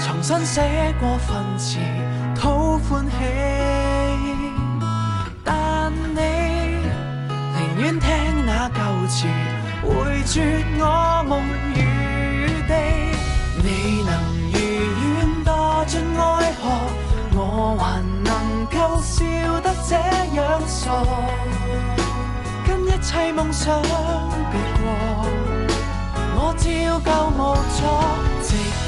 重新寫過份詞討歡喜，但你寧願聽那舊詞，回絕我夢與地。你能如願墮進愛河，我還能夠笑得這樣傻，跟一切夢想別過，我照舊無錯。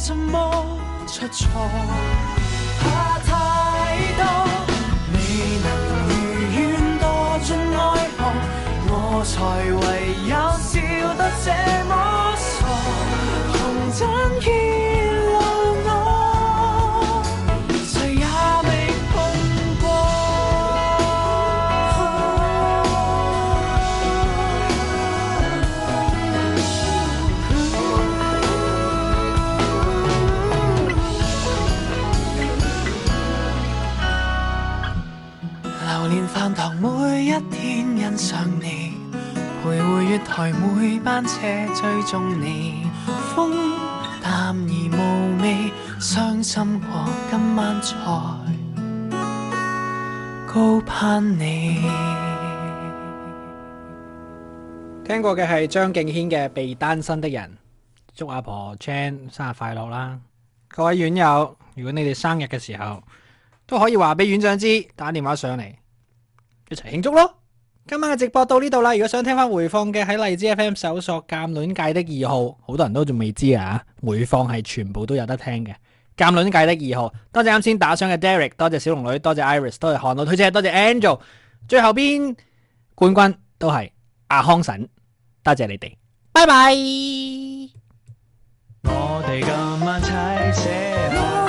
怎麼出錯？怕太多，未能如願墮進愛河，我才唯有笑得這麼傻。紅塵劫。每一天欣賞你，徘徊月台，每班車追蹤你，風淡而無味，傷心過今晚，才高攀你。聽過嘅係張敬軒嘅《被單身的人》，祝阿婆 Chan 生日快樂啦！各位院友，如果你哋生日嘅時候，都可以話俾院長知，打電話上嚟。一齊慶祝咯！今晚嘅直播到呢度啦，如果想聽翻回放嘅，喺荔枝 FM 搜索《鑑卵界的二號》，好多人都仲未知啊！回放係全部都有得聽嘅，《鑑卵界的二號》，多謝啱先打賞嘅 Derek，多謝小龍女，多謝 Iris，多謝韓路推車，多謝 Angel，最後邊冠軍都係阿康神，多謝你哋，拜拜。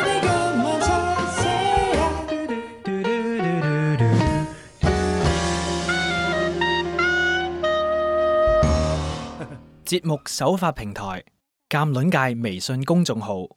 節目首發平台：鑑論界微信公眾號。